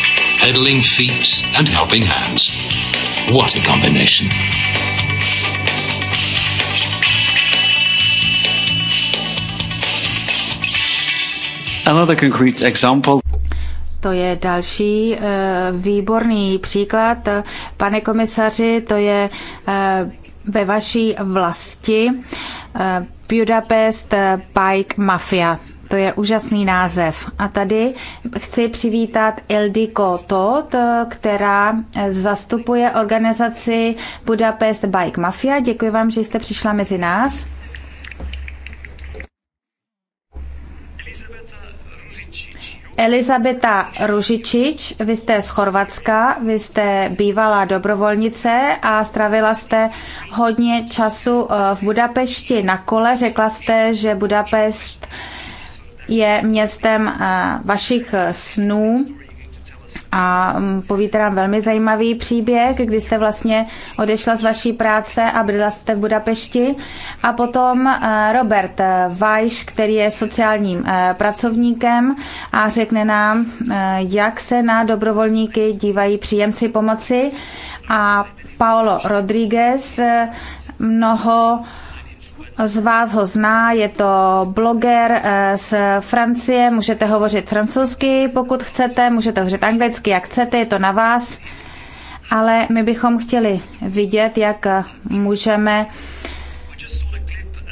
pedaling feet and helping hands. What a combination! Another concrete example to je další uh, výborný příklad. Pane komisaři, to je uh, ve vaší vlasti uh, Budapest Pike Mafia. To je úžasný název. A tady chci přivítat Ildiko Todd, která zastupuje organizaci Budapest Bike Mafia. Děkuji vám, že jste přišla mezi nás. Elizabeta Ružičič, vy jste z Chorvatska, vy jste bývalá dobrovolnice a stravila jste hodně času eh, v Budapešti na kole. Řekla jste, že Budapešť je městem eh, vašich snů a mm, povíte nám velmi zajímavý příběh, kdy jste vlastně odešla z vaší práce a byla jste v Budapešti. A potom eh, Robert Vajš, který je sociálním eh, pracovníkem a řekne nám, jak se na dobrovolníky dívají příjemci pomoci. A Paolo Rodriguez mnoho z vás ho zná, je to bloger eh, z Francie, můžete hovořit francouzsky, pokud chcete, můžete hovořit anglicky, jak chcete, je to na vás. Ale my bychom chtěli vidět, jak můžeme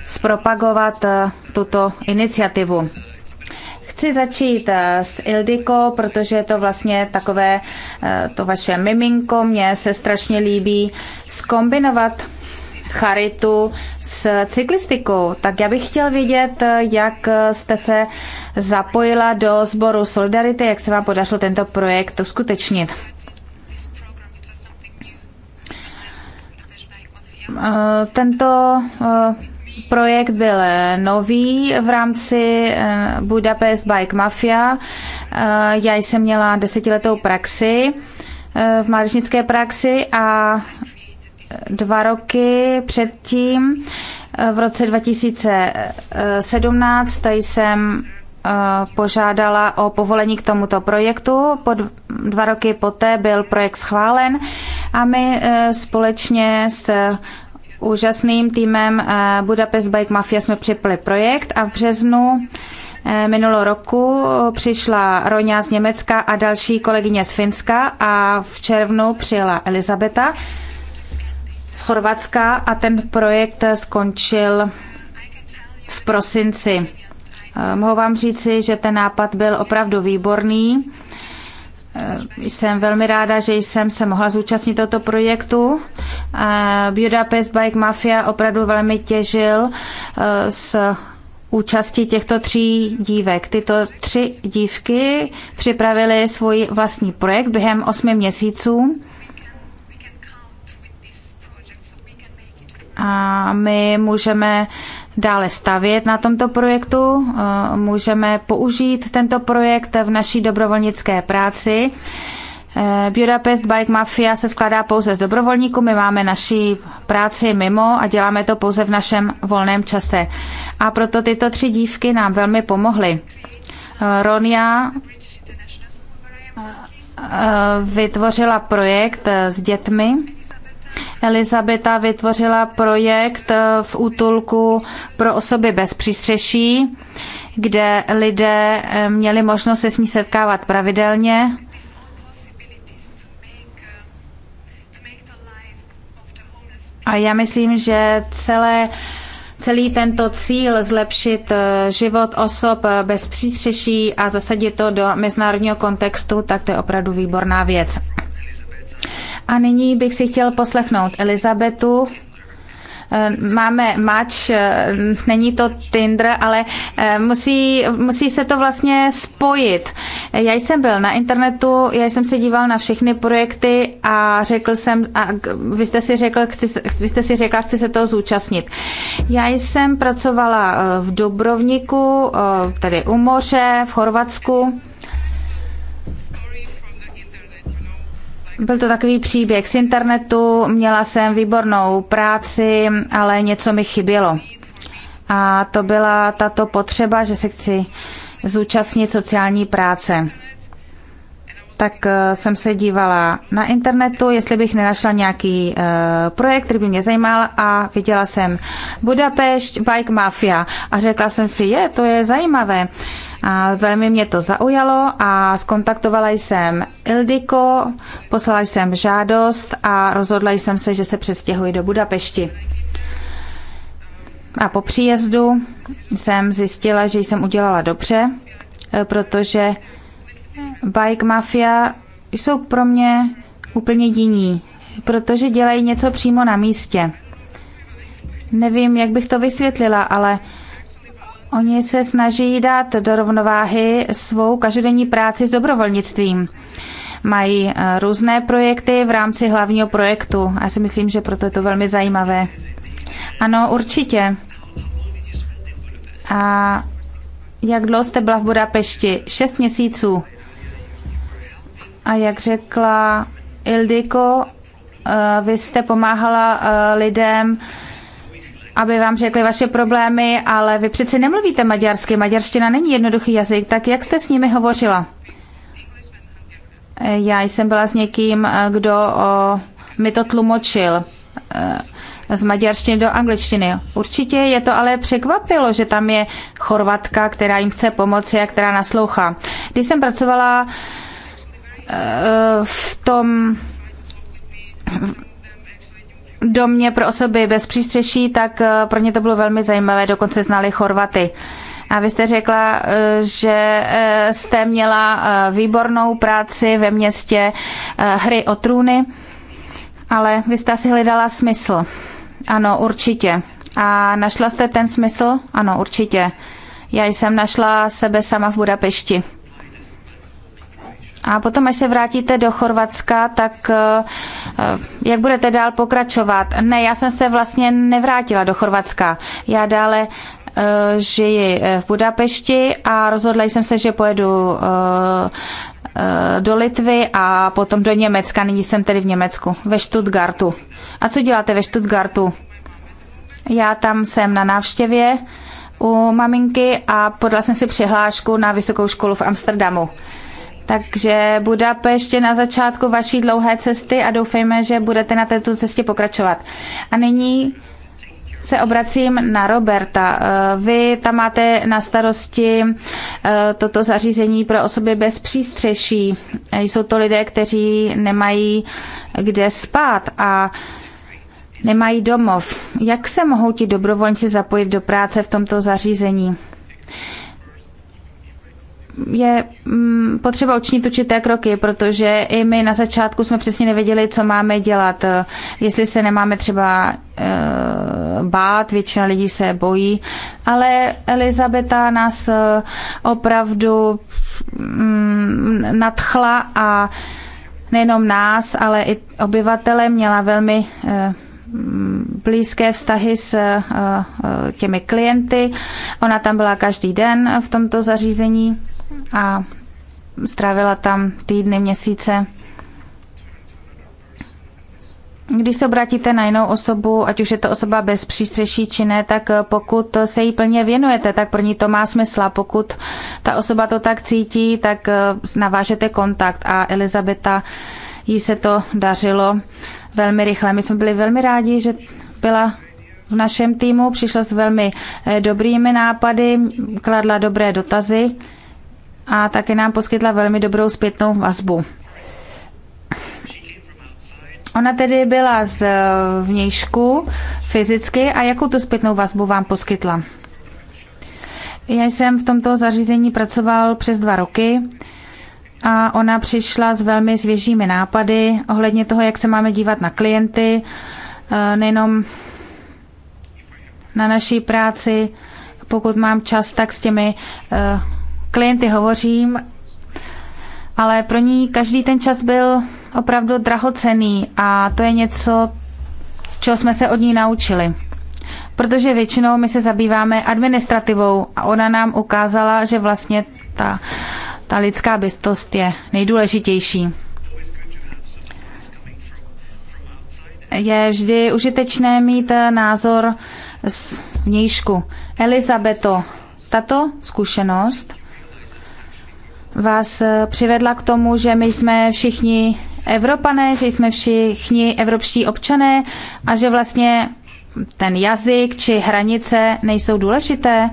zpropagovat eh, tuto iniciativu chci začít eh, s Ildiko, protože je to vlastně takové to vaše miminko, mně se strašně líbí skombinovat charitu s cyklistikou. Tak já bych chtěl vědět, jak jste se zapojila do sboru Solidarity, jak se vám podařilo tento projekt uskutečnit. Eh, tento eh, projekt byl nový v rámci eh, Budapest Bike Mafia. Já jsem měla desetiletou praxi v mládežnické praxi a dva roky předtím, eh, v roce 2017, jsem eh, požádala o povolení k tomuto projektu. Po dva roky poté byl projekt schválen a my eh, společně s úžasným týmem Budapest Bike Mafia jsme připli projekt a v březnu minulého roku přišla Roňa z Německa a další kolegyně z Finska a v červnu přijela Elizabeta z Chorvatska a ten projekt skončil v prosinci. Mohu vám říci, že ten nápad byl opravdu výborný. Jsem velmi ráda, že jsem se mohla zúčastnit tohoto projektu. Budapest Bike Mafia opravdu velmi těžil e, s účasti těchto tří dívek. Tyto tři dívky připravily svůj vlastní projekt během osmi měsíců a my můžeme dále stavět na tomto projektu, eh, můžeme použít tento projekt v naší dobrovolnické práci. Eh, Budapest Bike Mafia se skládá pouze z dobrovolníků, my máme naší práci mimo a děláme to pouze v našem volném čase. A proto tyto tři dívky nám velmi pomohly. Eh, Ronia vytvořila projekt s dětmi, Elizabeta vytvořila projekt eh, v útulku pro osoby bez přístřeší, kde lidé eh, měli možnost se s ní setkávat pravidelně. A já myslím, že celé celý tento cíl zlepšit eh, život osob bez přístřeší a zasadit to do mezinárodního kontextu, tak to je opravdu výborná věc. A nyní bych si chtěl poslechnout Elizabetu. Eh, máme mač, eh, není to Tinder, ale eh, musí, musí se to vlastně spojit. Já jsem byl na internetu, já jsem se díval na všechny projekty a řekl jsem, a vy jste si, řekl, chci, vy jste si řekla, chci se toho zúčastnit. Já jsem pracovala v Dobrovniku, tedy u moře, v Chorvatsku Byl to takový příběh z internetu, měla jsem výbornou práci, ale něco mi chybělo. A to byla tato potřeba, že se chci zúčastnit sociální práce tak eh, jsem se dívala na internetu, jestli bych nenašla nějaký eh, projekt, který by mě zajímal a viděla jsem Budapešť Bike Mafia a řekla jsem si, je, to je zajímavé. A velmi mě to zaujalo a skontaktovala jsem Ildiko, poslala jsem žádost a rozhodla jsem se, že se přestěhuji do Budapešti. A po příjezdu jsem zjistila, že jsem udělala dobře, eh, protože bike mafia jsou pro mě úplně jiní, protože dělají něco přímo na místě. Nevím, jak bych to vysvětlila, ale oni se snaží dát do rovnováhy svou každodenní práci s dobrovolnictvím. Mají eh, různé projekty v rámci hlavního projektu. Já si myslím, že proto je to velmi zajímavé. Ano, určitě. A jak dlouho jste byla v Budapešti? Šest měsíců. A jak řekla Ildiko, eh, vy jste pomáhala eh, lidem, aby vám řekli vaše problémy, ale vy přeci nemluvíte maďarsky. Maďarština není jednoduchý jazyk, tak jak jste s nimi hovořila? Eh, já jsem byla s někým, kdo mi to tlumočil z maďarštiny do angličtiny. Určitě je to ale překvapilo, že tam je Chorvatka, která jim chce pomoci a která naslouchá. Když jsem pracovala v tom domě pro osoby bez přístřeší, tak eh, pro ně to bylo velmi zajímavé, dokonce znali Chorvaty. A vy jste řekla, eh, že eh, jste měla výbornou práci ve městě hry o trůny, ale vy jste si hledala smysl. Ano, určitě. A našla jste ten smysl? Ano, určitě. Já jsem našla sebe sama v Budapešti. A potom, až se vrátíte do Chorvatska, tak eh, eh, jak budete dál pokračovat? Ne, já jsem se vlastně nevrátila do Chorvatska. Já dále eh, žiji v Budapešti a rozhodla jsem se, že pojedu do Litvy a potom do Německa. Nyní jsem tedy v Německu, ve Stuttgartu. A co děláte ve Stuttgartu? Já tam jsem na návštěvě u maminky a podala jsem si přihlášku na vysokou školu v Amsterdamu. Takže Budapešť na začátku vaší dlouhé cesty a doufejme, že budete na této cestě pokračovat. A nyní se obracím na Roberta. Eh, vy tam máte na starosti eh, toto zařízení pro osoby bez přístřeší. Eh, jsou to lidé, kteří nemají kde spát a nemají domov. Jak se mohou ti dobrovolníci zapojit do práce v tomto zařízení? je mm, potřeba učinit určité kroky, protože i my na začátku jsme přesně nevěděli, co máme dělat. Eh, jestli se nemáme třeba eh, bát, většina lidí se bojí, ale Elizabeta nás eh, opravdu mm, nadchla a nejenom nás, ale i obyvatele měla velmi blízké vztahy s eh, eh, těmi klienty. Ona tam byla každý den v tomto zařízení a strávila tam týdny, měsíce. Když se obratíte na jinou osobu, ať už je to osoba bez přístřeší či ne, tak eh, pokud se jí plně věnujete, tak pro ní to má smysl. A pokud ta osoba to tak cítí, tak navážete kontakt. A Elizabeta jí se to dařilo velmi rychle. My jsme byli velmi rádi, že byla v našem týmu, přišla s velmi eh, dobrými nápady, kladla dobré dotazy a také nám poskytla velmi dobrou zpětnou vazbu. Ona tedy byla z eh, vnějšku fyzicky a jakou tu zpětnou vazbu vám poskytla? Já jsem v tomto zařízení pracoval přes dva roky a ona přišla s velmi svěžími nápady ohledně toho, jak se máme dívat na klienty, eh, nejenom na naší práci. Pokud mám čas, tak s těmi eh, klienty hovořím, ale pro ní každý ten čas byl opravdu drahocený a to je něco, čeho jsme se od ní naučili protože většinou my se zabýváme administrativou a ona nám ukázala, že vlastně ta ta lidská bystost je nejdůležitější. Je vždy užitečné mít eh, názor z vnějšku. Elizabeto, tato zkušenost vás eh, přivedla k tomu, že my jsme všichni Evropané, že jsme všichni evropští občané a že vlastně ten jazyk či hranice nejsou důležité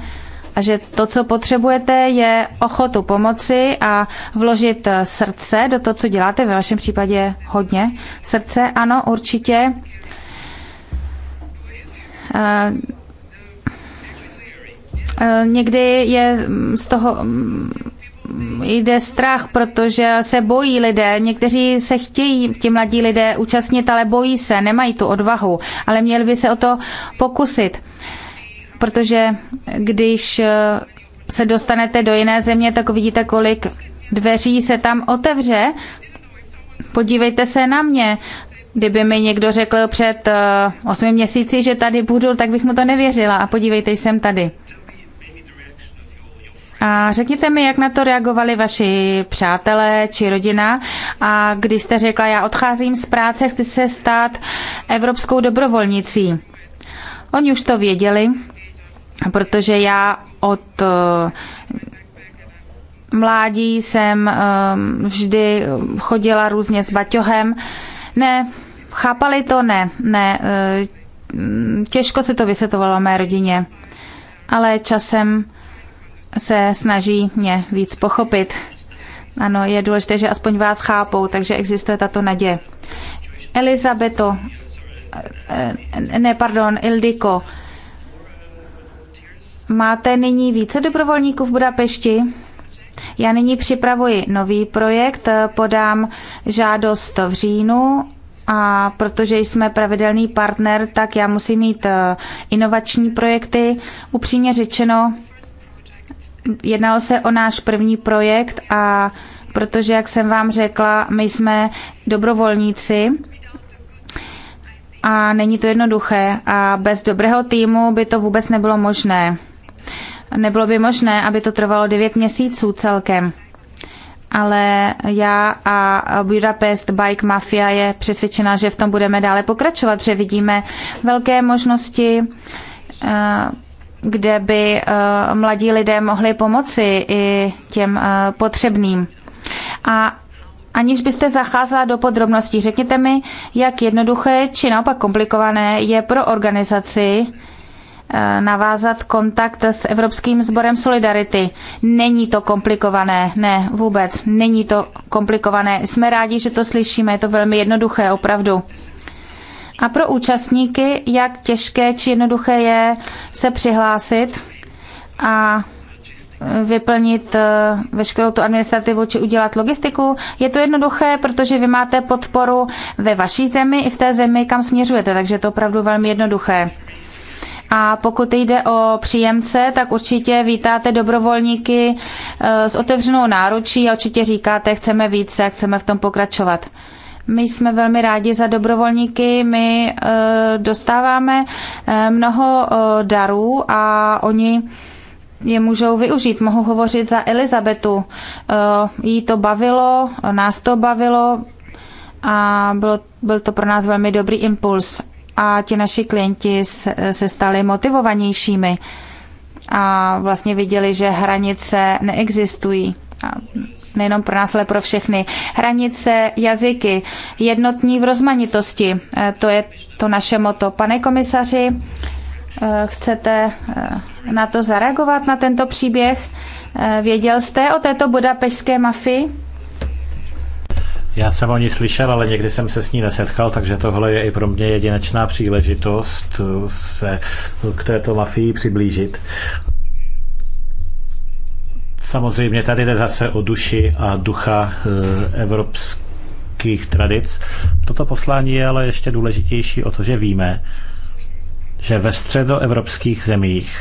a že to, co potřebujete, je ochotu pomoci a vložit eh, srdce do toho, co děláte, ve vašem případě hodně srdce, ano, určitě. Eh, eh, někdy je z toho mm, jde strach, protože se bojí lidé. Někteří se chtějí, ti mladí lidé, účastnit, ale bojí se, nemají tu odvahu, ale měli by se o to pokusit. Uh, protože když eh, se dostanete do jiné země, tak vidíte, kolik dveří se tam otevře. Podívejte se na mě. Kdyby mi někdo řekl před uh, eh, 8 měsíci, že tady budu, tak bych mu to nevěřila. A podívejte, jsem tady. A řekněte mi, jak na to reagovali vaši přátelé či rodina. A když jste řekla, já odcházím z práce, chci se stát evropskou dobrovolnicí. Oni už to věděli, protože já od eh, mládí jsem eh, vždy chodila různě s baťohem. Ne, chápali to? Ne, ne. Eh, těžko se to vysvětovalo mé rodině, ale časem se snaží mě víc pochopit. Ano, je důležité, že aspoň vás chápou, takže existuje tato naděje. Elizabeto, ne, pardon, Ildiko, Máte nyní více dobrovolníků v Budapešti? Já nyní připravuji nový projekt, podám žádost v říjnu a protože jsme pravidelný partner, tak já musím mít eh, inovační projekty. Upřímně řečeno, jednalo se o náš první projekt a protože, jak jsem vám řekla, my jsme dobrovolníci a není to jednoduché a bez dobrého týmu by to vůbec nebylo možné. Nebylo by možné, aby to trvalo 9 měsíců celkem. Ale já a Budapest Bike Mafia je přesvědčena, že v tom budeme dále pokračovat, protože vidíme velké možnosti eh, kde by eh, mladí lidé mohli pomoci i těm eh, potřebným. A aniž byste zacházela do podrobností, řekněte mi, jak jednoduché či naopak komplikované je pro organizaci Eh, navázat kontakt s Evropským sborem Solidarity. Není to komplikované, ne, vůbec, není to komplikované. Jsme rádi, že to slyšíme, je to velmi jednoduché, opravdu. A pro účastníky, jak těžké či jednoduché je se přihlásit a vyplnit eh, veškerou tu administrativu či udělat logistiku. Je to jednoduché, protože vy máte podporu ve vaší zemi i v té zemi, kam směřujete, takže je to opravdu velmi jednoduché. A pokud jde o příjemce, tak určitě vítáte dobrovolníky eh, s otevřenou náručí a určitě říkáte, chceme více a chceme v tom pokračovat. My jsme velmi rádi za dobrovolníky, my eh, dostáváme eh, mnoho darů a oni je můžou využít. Mohu hovořit za Elizabetu. Jí to bavilo, nás to bavilo a bylo, byl to pro nás velmi dobrý impuls a ti naši klienti se stali motivovanějšími a vlastně viděli, že hranice neexistují. A nejenom pro nás, ale pro všechny. Hranice, jazyky, jednotní v rozmanitosti, e, to je to naše moto. Pane komisaři, e, chcete e, na to zareagovat, na tento příběh? Věděl jste o této budapešské mafii? Já jsem o ní slyšel, ale někdy jsem se s ní nesetkal, takže tohle je i pro mě jedinečná příležitost eh, se k této mafii přiblížit. Samozřejmě tady jde zase o duši a ducha eh, evropských tradic. Toto poslání je ale ještě důležitější o to, že víme, že ve středoevropských zemích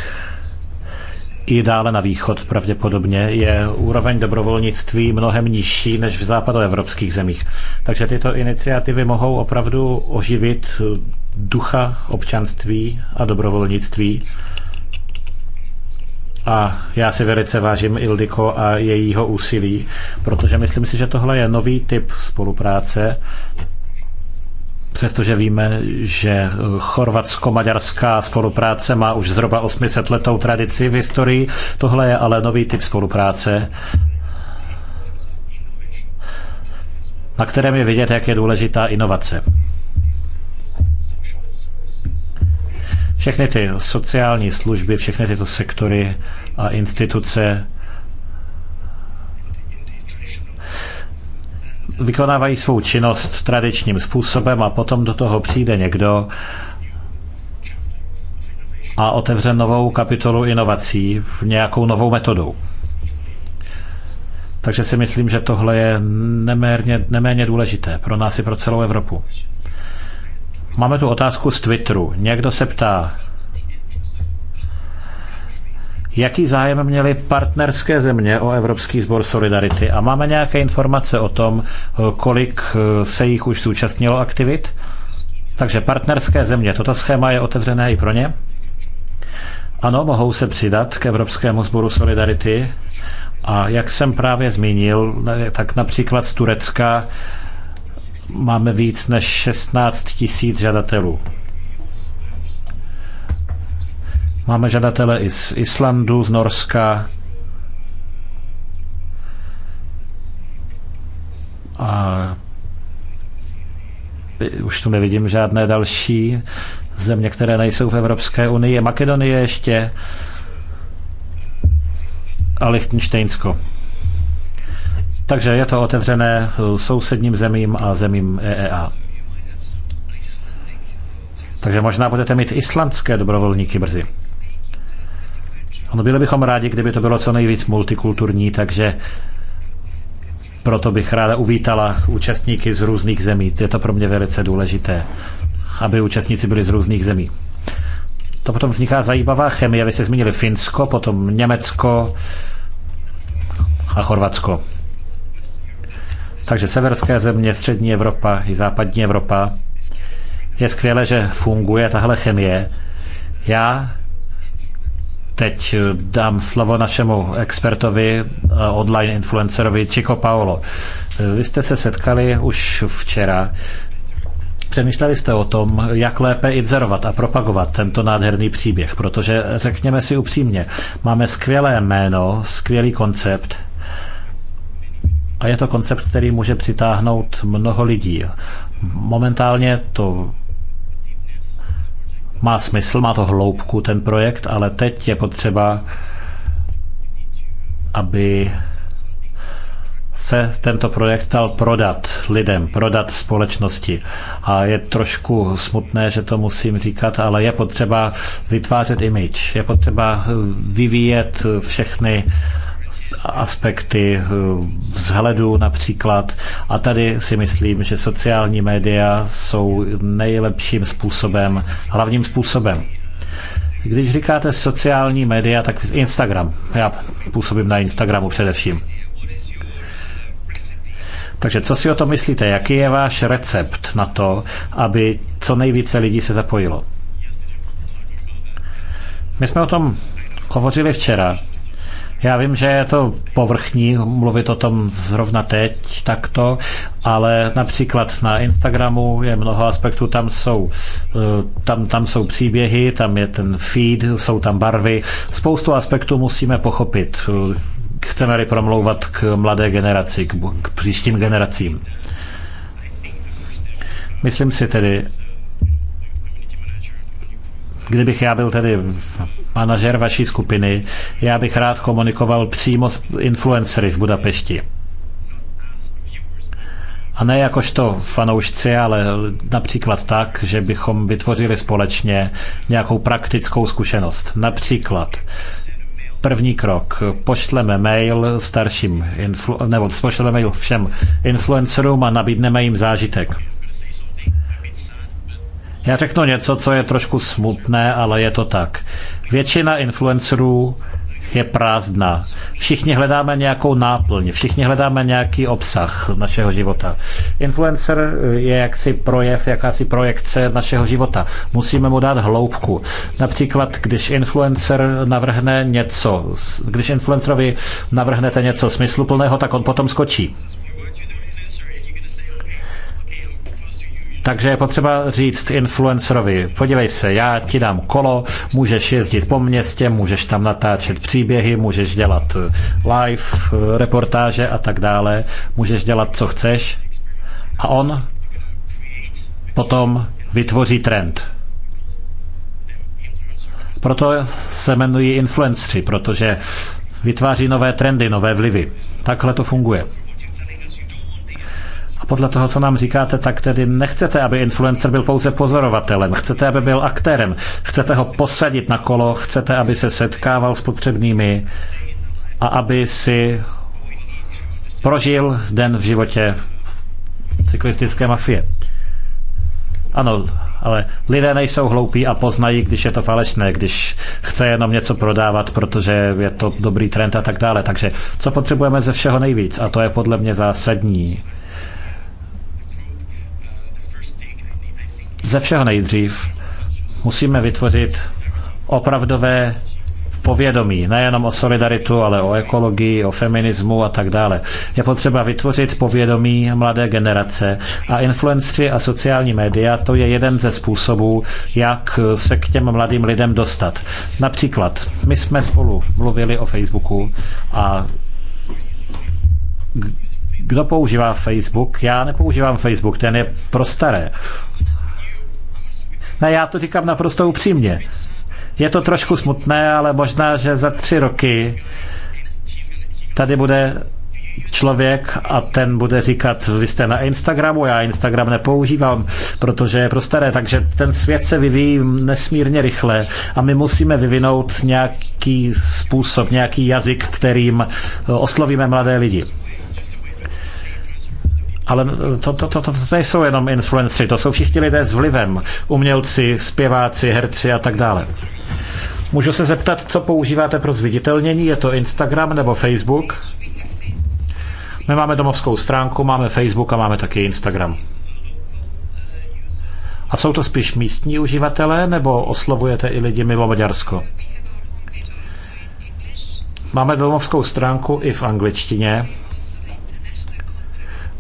i dále na východ pravděpodobně, je úroveň dobrovolnictví mnohem nižší než v západoevropských zemích. Takže tyto iniciativy mohou opravdu oživit ducha občanství a dobrovolnictví. A já si velice vážím Ildiko a jejího úsilí, protože myslím si, že tohle je nový typ spolupráce, Přestože víme, že chorvatsko-maďarská spolupráce má už zhruba 800 letou tradici v historii, tohle je ale nový typ spolupráce, na kterém je vidět, jak je důležitá inovace. Všechny ty sociální služby, všechny tyto sektory a instituce vykonávají svou činnost tradičním způsobem a potom do toho přijde někdo a otevře novou kapitolu inovací v nějakou novou metodou. Takže si myslím, že tohle je neméně, neméně důležité pro nás i pro celou Evropu. Máme tu otázku z Twitteru. Někdo se ptá, jaký zájem měly partnerské země o Evropský sbor Solidarity a máme nějaké informace o tom, kolik eh, se jich už zúčastnilo aktivit? Takže partnerské země, toto schéma je otevřené i pro ně? Ano, mohou se přidat k Evropskému sboru Solidarity a jak jsem právě zmínil, tak například z Turecka máme víc než 16 tisíc žadatelů. Máme žadatele i z Islandu, z Norska. A už tu nevidím žádné další země, které nejsou v Evropské unii. Makedonie ještě a Lichtensteinsko. Takže je to otevřené sousedním zemím a zemím EEA. Takže možná budete mít islandské dobrovolníky brzy. Ano, byli bychom rádi, kdyby to bylo co nejvíc multikulturní, takže proto bych ráda uvítala účastníky z různých zemí. Je to pro mě velice důležité, aby účastníci byli z různých zemí. To potom vzniká zajímavá chemie. Vy jste zmínili Finsko, potom Německo a Chorvatsko. Takže severské země, střední Evropa i západní Evropa. Je skvělé, že funguje tahle chemie. Já Teď eh, dám slovo našemu expertovi, eh, online influencerovi Čiko Paolo. Eh, vy jste se setkali už včera. Přemýšleli jste o tom, jak lépe inzerovat a propagovat tento nádherný příběh, protože řekněme si upřímně, máme skvělé jméno, skvělý koncept, a je to koncept, který může přitáhnout mnoho lidí. Momentálně to má smysl, má to hloubku ten projekt, ale teď je potřeba, aby se tento projekt dal prodat lidem, prodat společnosti. A je trošku smutné, že to musím říkat, ale je potřeba vytvářet image, je potřeba vyvíjet všechny uh, aspekty eh, vzhledu například. A tady si myslím, že sociální média jsou nejlepším způsobem, hlavním způsobem. Když říkáte sociální média, tak Instagram. Já působím na Instagramu především. Takže co si o tom myslíte? Jaký je váš recept na to, aby co nejvíce lidí se zapojilo? My jsme o tom hovořili včera já vím, že je to povrchní mluvit o tom zrovna teď takto, ale například na Instagramu je mnoho aspektů, tam jsou, eh, tam, tam jsou příběhy, tam je ten feed, jsou tam barvy. Spoustu aspektů musíme pochopit. Chceme-li promlouvat k mladé generaci, k, k příštím generacím. Myslím si tedy, kdybych já byl tedy manažer vaší skupiny, já bych rád komunikoval přímo s influencery v Budapešti. A ne jakožto fanoušci, ale například tak, že bychom vytvořili společně nějakou praktickou zkušenost. Například první krok. Pošleme mail starším, influ- nebo pošleme mail všem influencerům a nabídneme jim zážitek. Já řeknu něco, co je trošku smutné, ale je to tak. Většina influencerů je prázdná. Všichni hledáme nějakou náplň, všichni hledáme nějaký obsah našeho života. Influencer je jaksi projev, jakási projekce našeho života. Musíme mu dát hloubku. Například, když influencer navrhne něco, když influencerovi navrhnete něco smysluplného, tak on potom skočí. Takže je potřeba říct influencerovi, podívej se, já ti dám kolo, můžeš jezdit po městě, můžeš tam natáčet příběhy, můžeš dělat eh, live eh, reportáže a tak dále, můžeš dělat, co chceš. A on potom vytvoří trend. Proto se jmenují influenceri, protože vytváří nové trendy, nové vlivy. Takhle to funguje podle toho, co nám říkáte, tak tedy nechcete, aby influencer byl pouze pozorovatelem, chcete, aby byl aktérem, chcete ho posadit na kolo, chcete, aby se setkával s potřebnými a aby si prožil den v životě cyklistické mafie. Ano, ale lidé nejsou hloupí a poznají, když je to falešné, když chce jenom něco prodávat, protože je to dobrý trend a tak dále. Takže co potřebujeme ze všeho nejvíc? A to je podle mě zásadní Ze všeho nejdřív musíme vytvořit opravdové povědomí, nejenom o solidaritu, ale o ekologii, o feminismu a tak dále. Je potřeba vytvořit povědomí mladé generace a influenci a sociální média to je jeden ze způsobů, jak se k těm mladým lidem dostat. Například, my jsme spolu mluvili o Facebooku a kdo používá Facebook? Já nepoužívám Facebook, ten je pro staré. Ne, já to říkám naprosto upřímně. Je to trošku smutné, ale možná, že za tři roky tady bude člověk a ten bude říkat, vy jste na Instagramu, já Instagram nepoužívám, protože je prostaré, takže ten svět se vyvíjí nesmírně rychle a my musíme vyvinout nějaký způsob, nějaký jazyk, kterým oslovíme mladé lidi. Ale to, to, to, to, to nejsou jenom influenci, to jsou všichni lidé s vlivem. Umělci, zpěváci, herci a tak dále. Můžu se zeptat, co používáte pro zviditelnění? Je to Instagram nebo Facebook? My máme domovskou stránku, máme Facebook a máme taky Instagram. A jsou to spíš místní uživatelé, nebo oslovujete i lidi mimo Maďarsko? Máme domovskou stránku i v angličtině.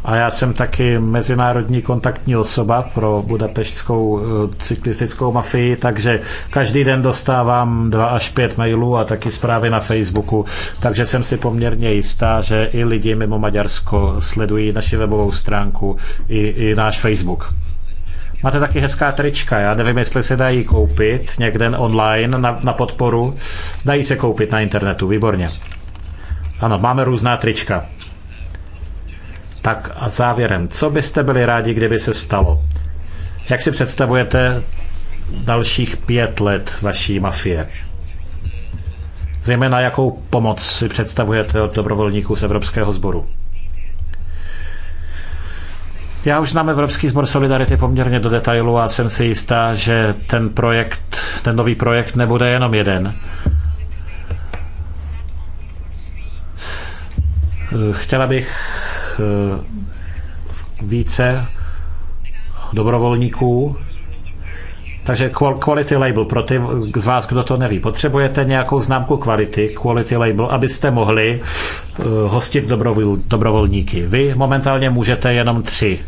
A já jsem taky mezinárodní kontaktní osoba pro budapeštskou eh, cyklistickou mafii, takže každý den dostávám dva až pět mailů a taky zprávy na Facebooku, takže jsem si poměrně jistá, že i lidi mimo Maďarsko sledují naši webovou stránku i, i náš Facebook. Máte taky hezká trička, já nevím, jestli se dají koupit někde online na, na podporu. Dají se koupit na internetu, výborně. Ano, máme různá trička. Tak a závěrem, co byste byli rádi, kdyby se stalo? Jak si představujete dalších pět let vaší mafie? Zejména jakou pomoc si představujete od dobrovolníků z Evropského sboru? Já už znám Evropský sbor Solidarity poměrně do detailu a jsem si jistá, že ten projekt, ten nový projekt nebude jenom jeden. Chtěla bych Eh, více dobrovolníků. Takže quality label, pro ty z vás, kdo to neví, potřebujete nějakou známku kvality, quality label, abyste mohli eh, hostit dobrovolníky. Vy momentálně můžete jenom tři.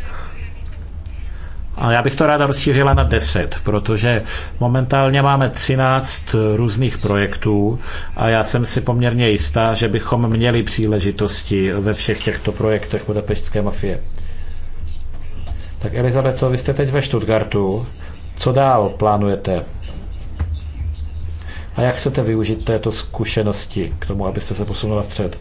A já bych to ráda rozšířila na 10, protože momentálně máme 13 různých projektů a já jsem si poměrně jistá, že bychom měli příležitosti ve všech těchto projektech budapeštské mafie. Tak Elizabeto, vy jste teď ve Stuttgartu. Co dál plánujete? A jak chcete využít této zkušenosti k tomu, abyste se posunula vpřed?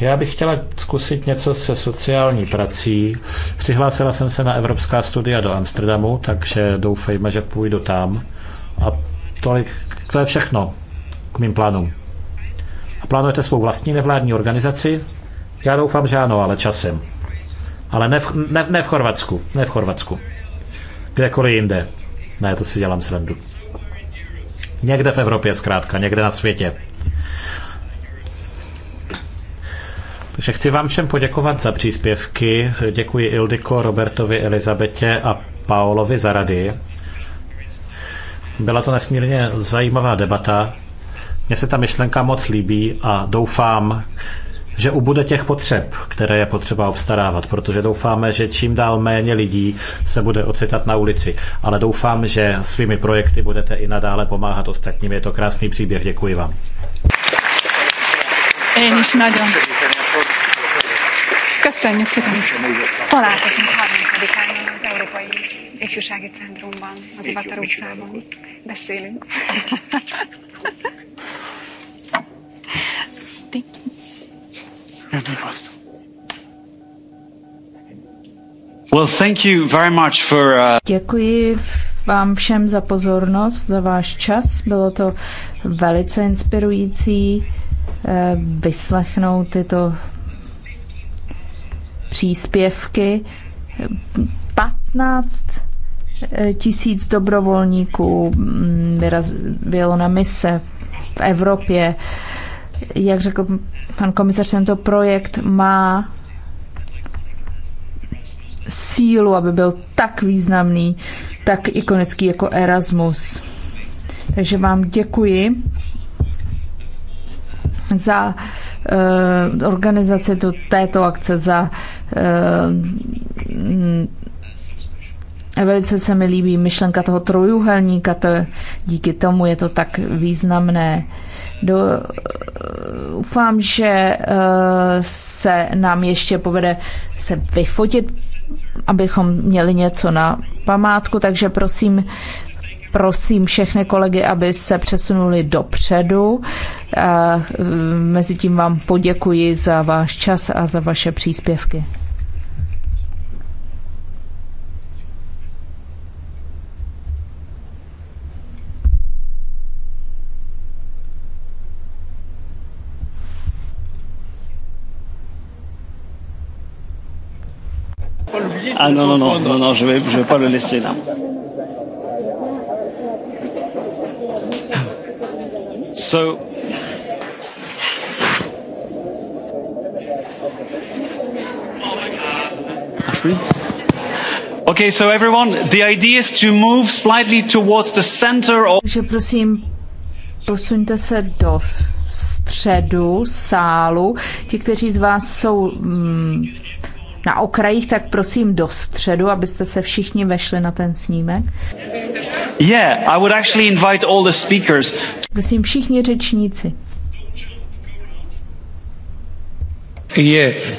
Já bych chtěla zkusit něco se sociální prací. Přihlásila jsem se na Evropská studia do Amsterdamu, takže doufejme, že půjdu tam. A tolik, to je všechno k mým plánům. A plánujete svou vlastní nevládní organizaci? Já doufám, že ano, ale časem. Ale ne v, ne, ne v Chorvatsku, ne v Chorvatsku. Kdekoliv jinde. Ne, to si dělám srandu. Někde v Evropě zkrátka, někde na světě. Takže chci vám všem poděkovat za příspěvky. Děkuji Ildiko, Robertovi, Elizabetě a Paolovi za rady. Byla to nesmírně zajímavá debata. Mně se ta myšlenka moc líbí a doufám, že ubude těch potřeb, které je potřeba obstarávat, protože doufáme, že čím dál méně lidí se bude ocitat na ulici. Ale doufám, že svými projekty budete i nadále pomáhat ostatním. Je to krásný příběh. Děkuji vám. Eniš, Köszönjük szépen. Találkozunk 30-án az Európai Ifjúsági Centrumban, az Ivatar utcában. Beszélünk. Well, thank you very much for, uh... Děkuji vám všem za pozornost, za váš čas. Bylo to velice inspirující eh, vyslechnout tyto příspěvky. 15 eh, tisíc dobrovolníků bylo mm, na mise v Evropě. Jak řekl pan komisař, tento projekt má sílu, aby byl tak významný, tak ikonický jako Erasmus. Takže vám děkuji za uh, organizaci to, této akce, za eh, mm, velice se mi líbí myšlenka toho trojuhelníka, to, díky tomu je to tak významné. Do, eh, ufám, že uh, se nám ještě povede se vyfotit, abychom měli něco na památku, takže prosím, prosím všechny kolegy, aby se přesunuli dopředu. Mezitím vám poděkuji za váš čas a za vaše příspěvky. Ah non, non, non, non, non, je ne vais, je vais pas le laisser là. So, Okay, so everyone, the idea is to move slightly towards the center of... Takže prosím, posuňte se do středu sálu. Ti, kteří z vás jsou mm, na okrajích, tak prosím do středu, abyste se všichni vešli na ten snímek. Yeah, I would actually invite all the speakers. Prosím všichni řečníci. Je.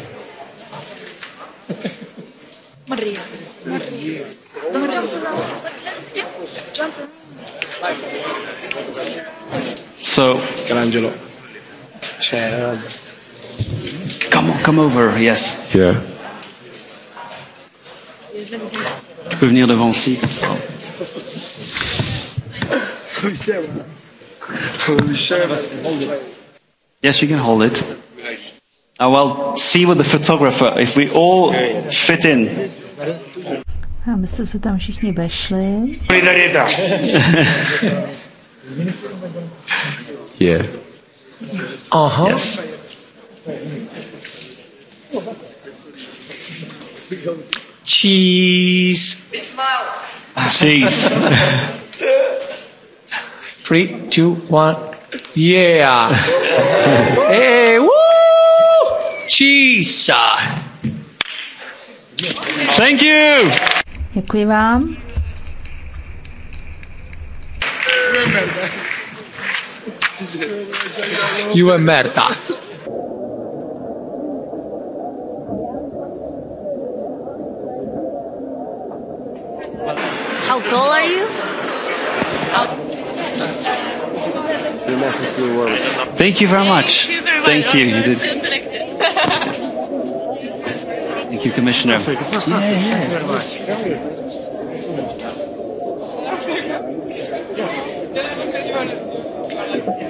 Maria. Maria. So. Michelangelo. Come on, come over. Yes. Yeah. Tu peux venir devant aussi comme ça yes, you can hold it. I will see with the photographer if we all fit in. A my jste se tam všichni vešli. yeah. [laughs] Aha. Yes. Cheese. Big smile. Jeez. Three, two, one. Yeah. hey, woo! Cheese. Thank you. Děkuji vám. You are merda. Thank you. How tall are you? Thank you very much. Thank you. You did. Thank you, Commissioner. Yeah, yeah.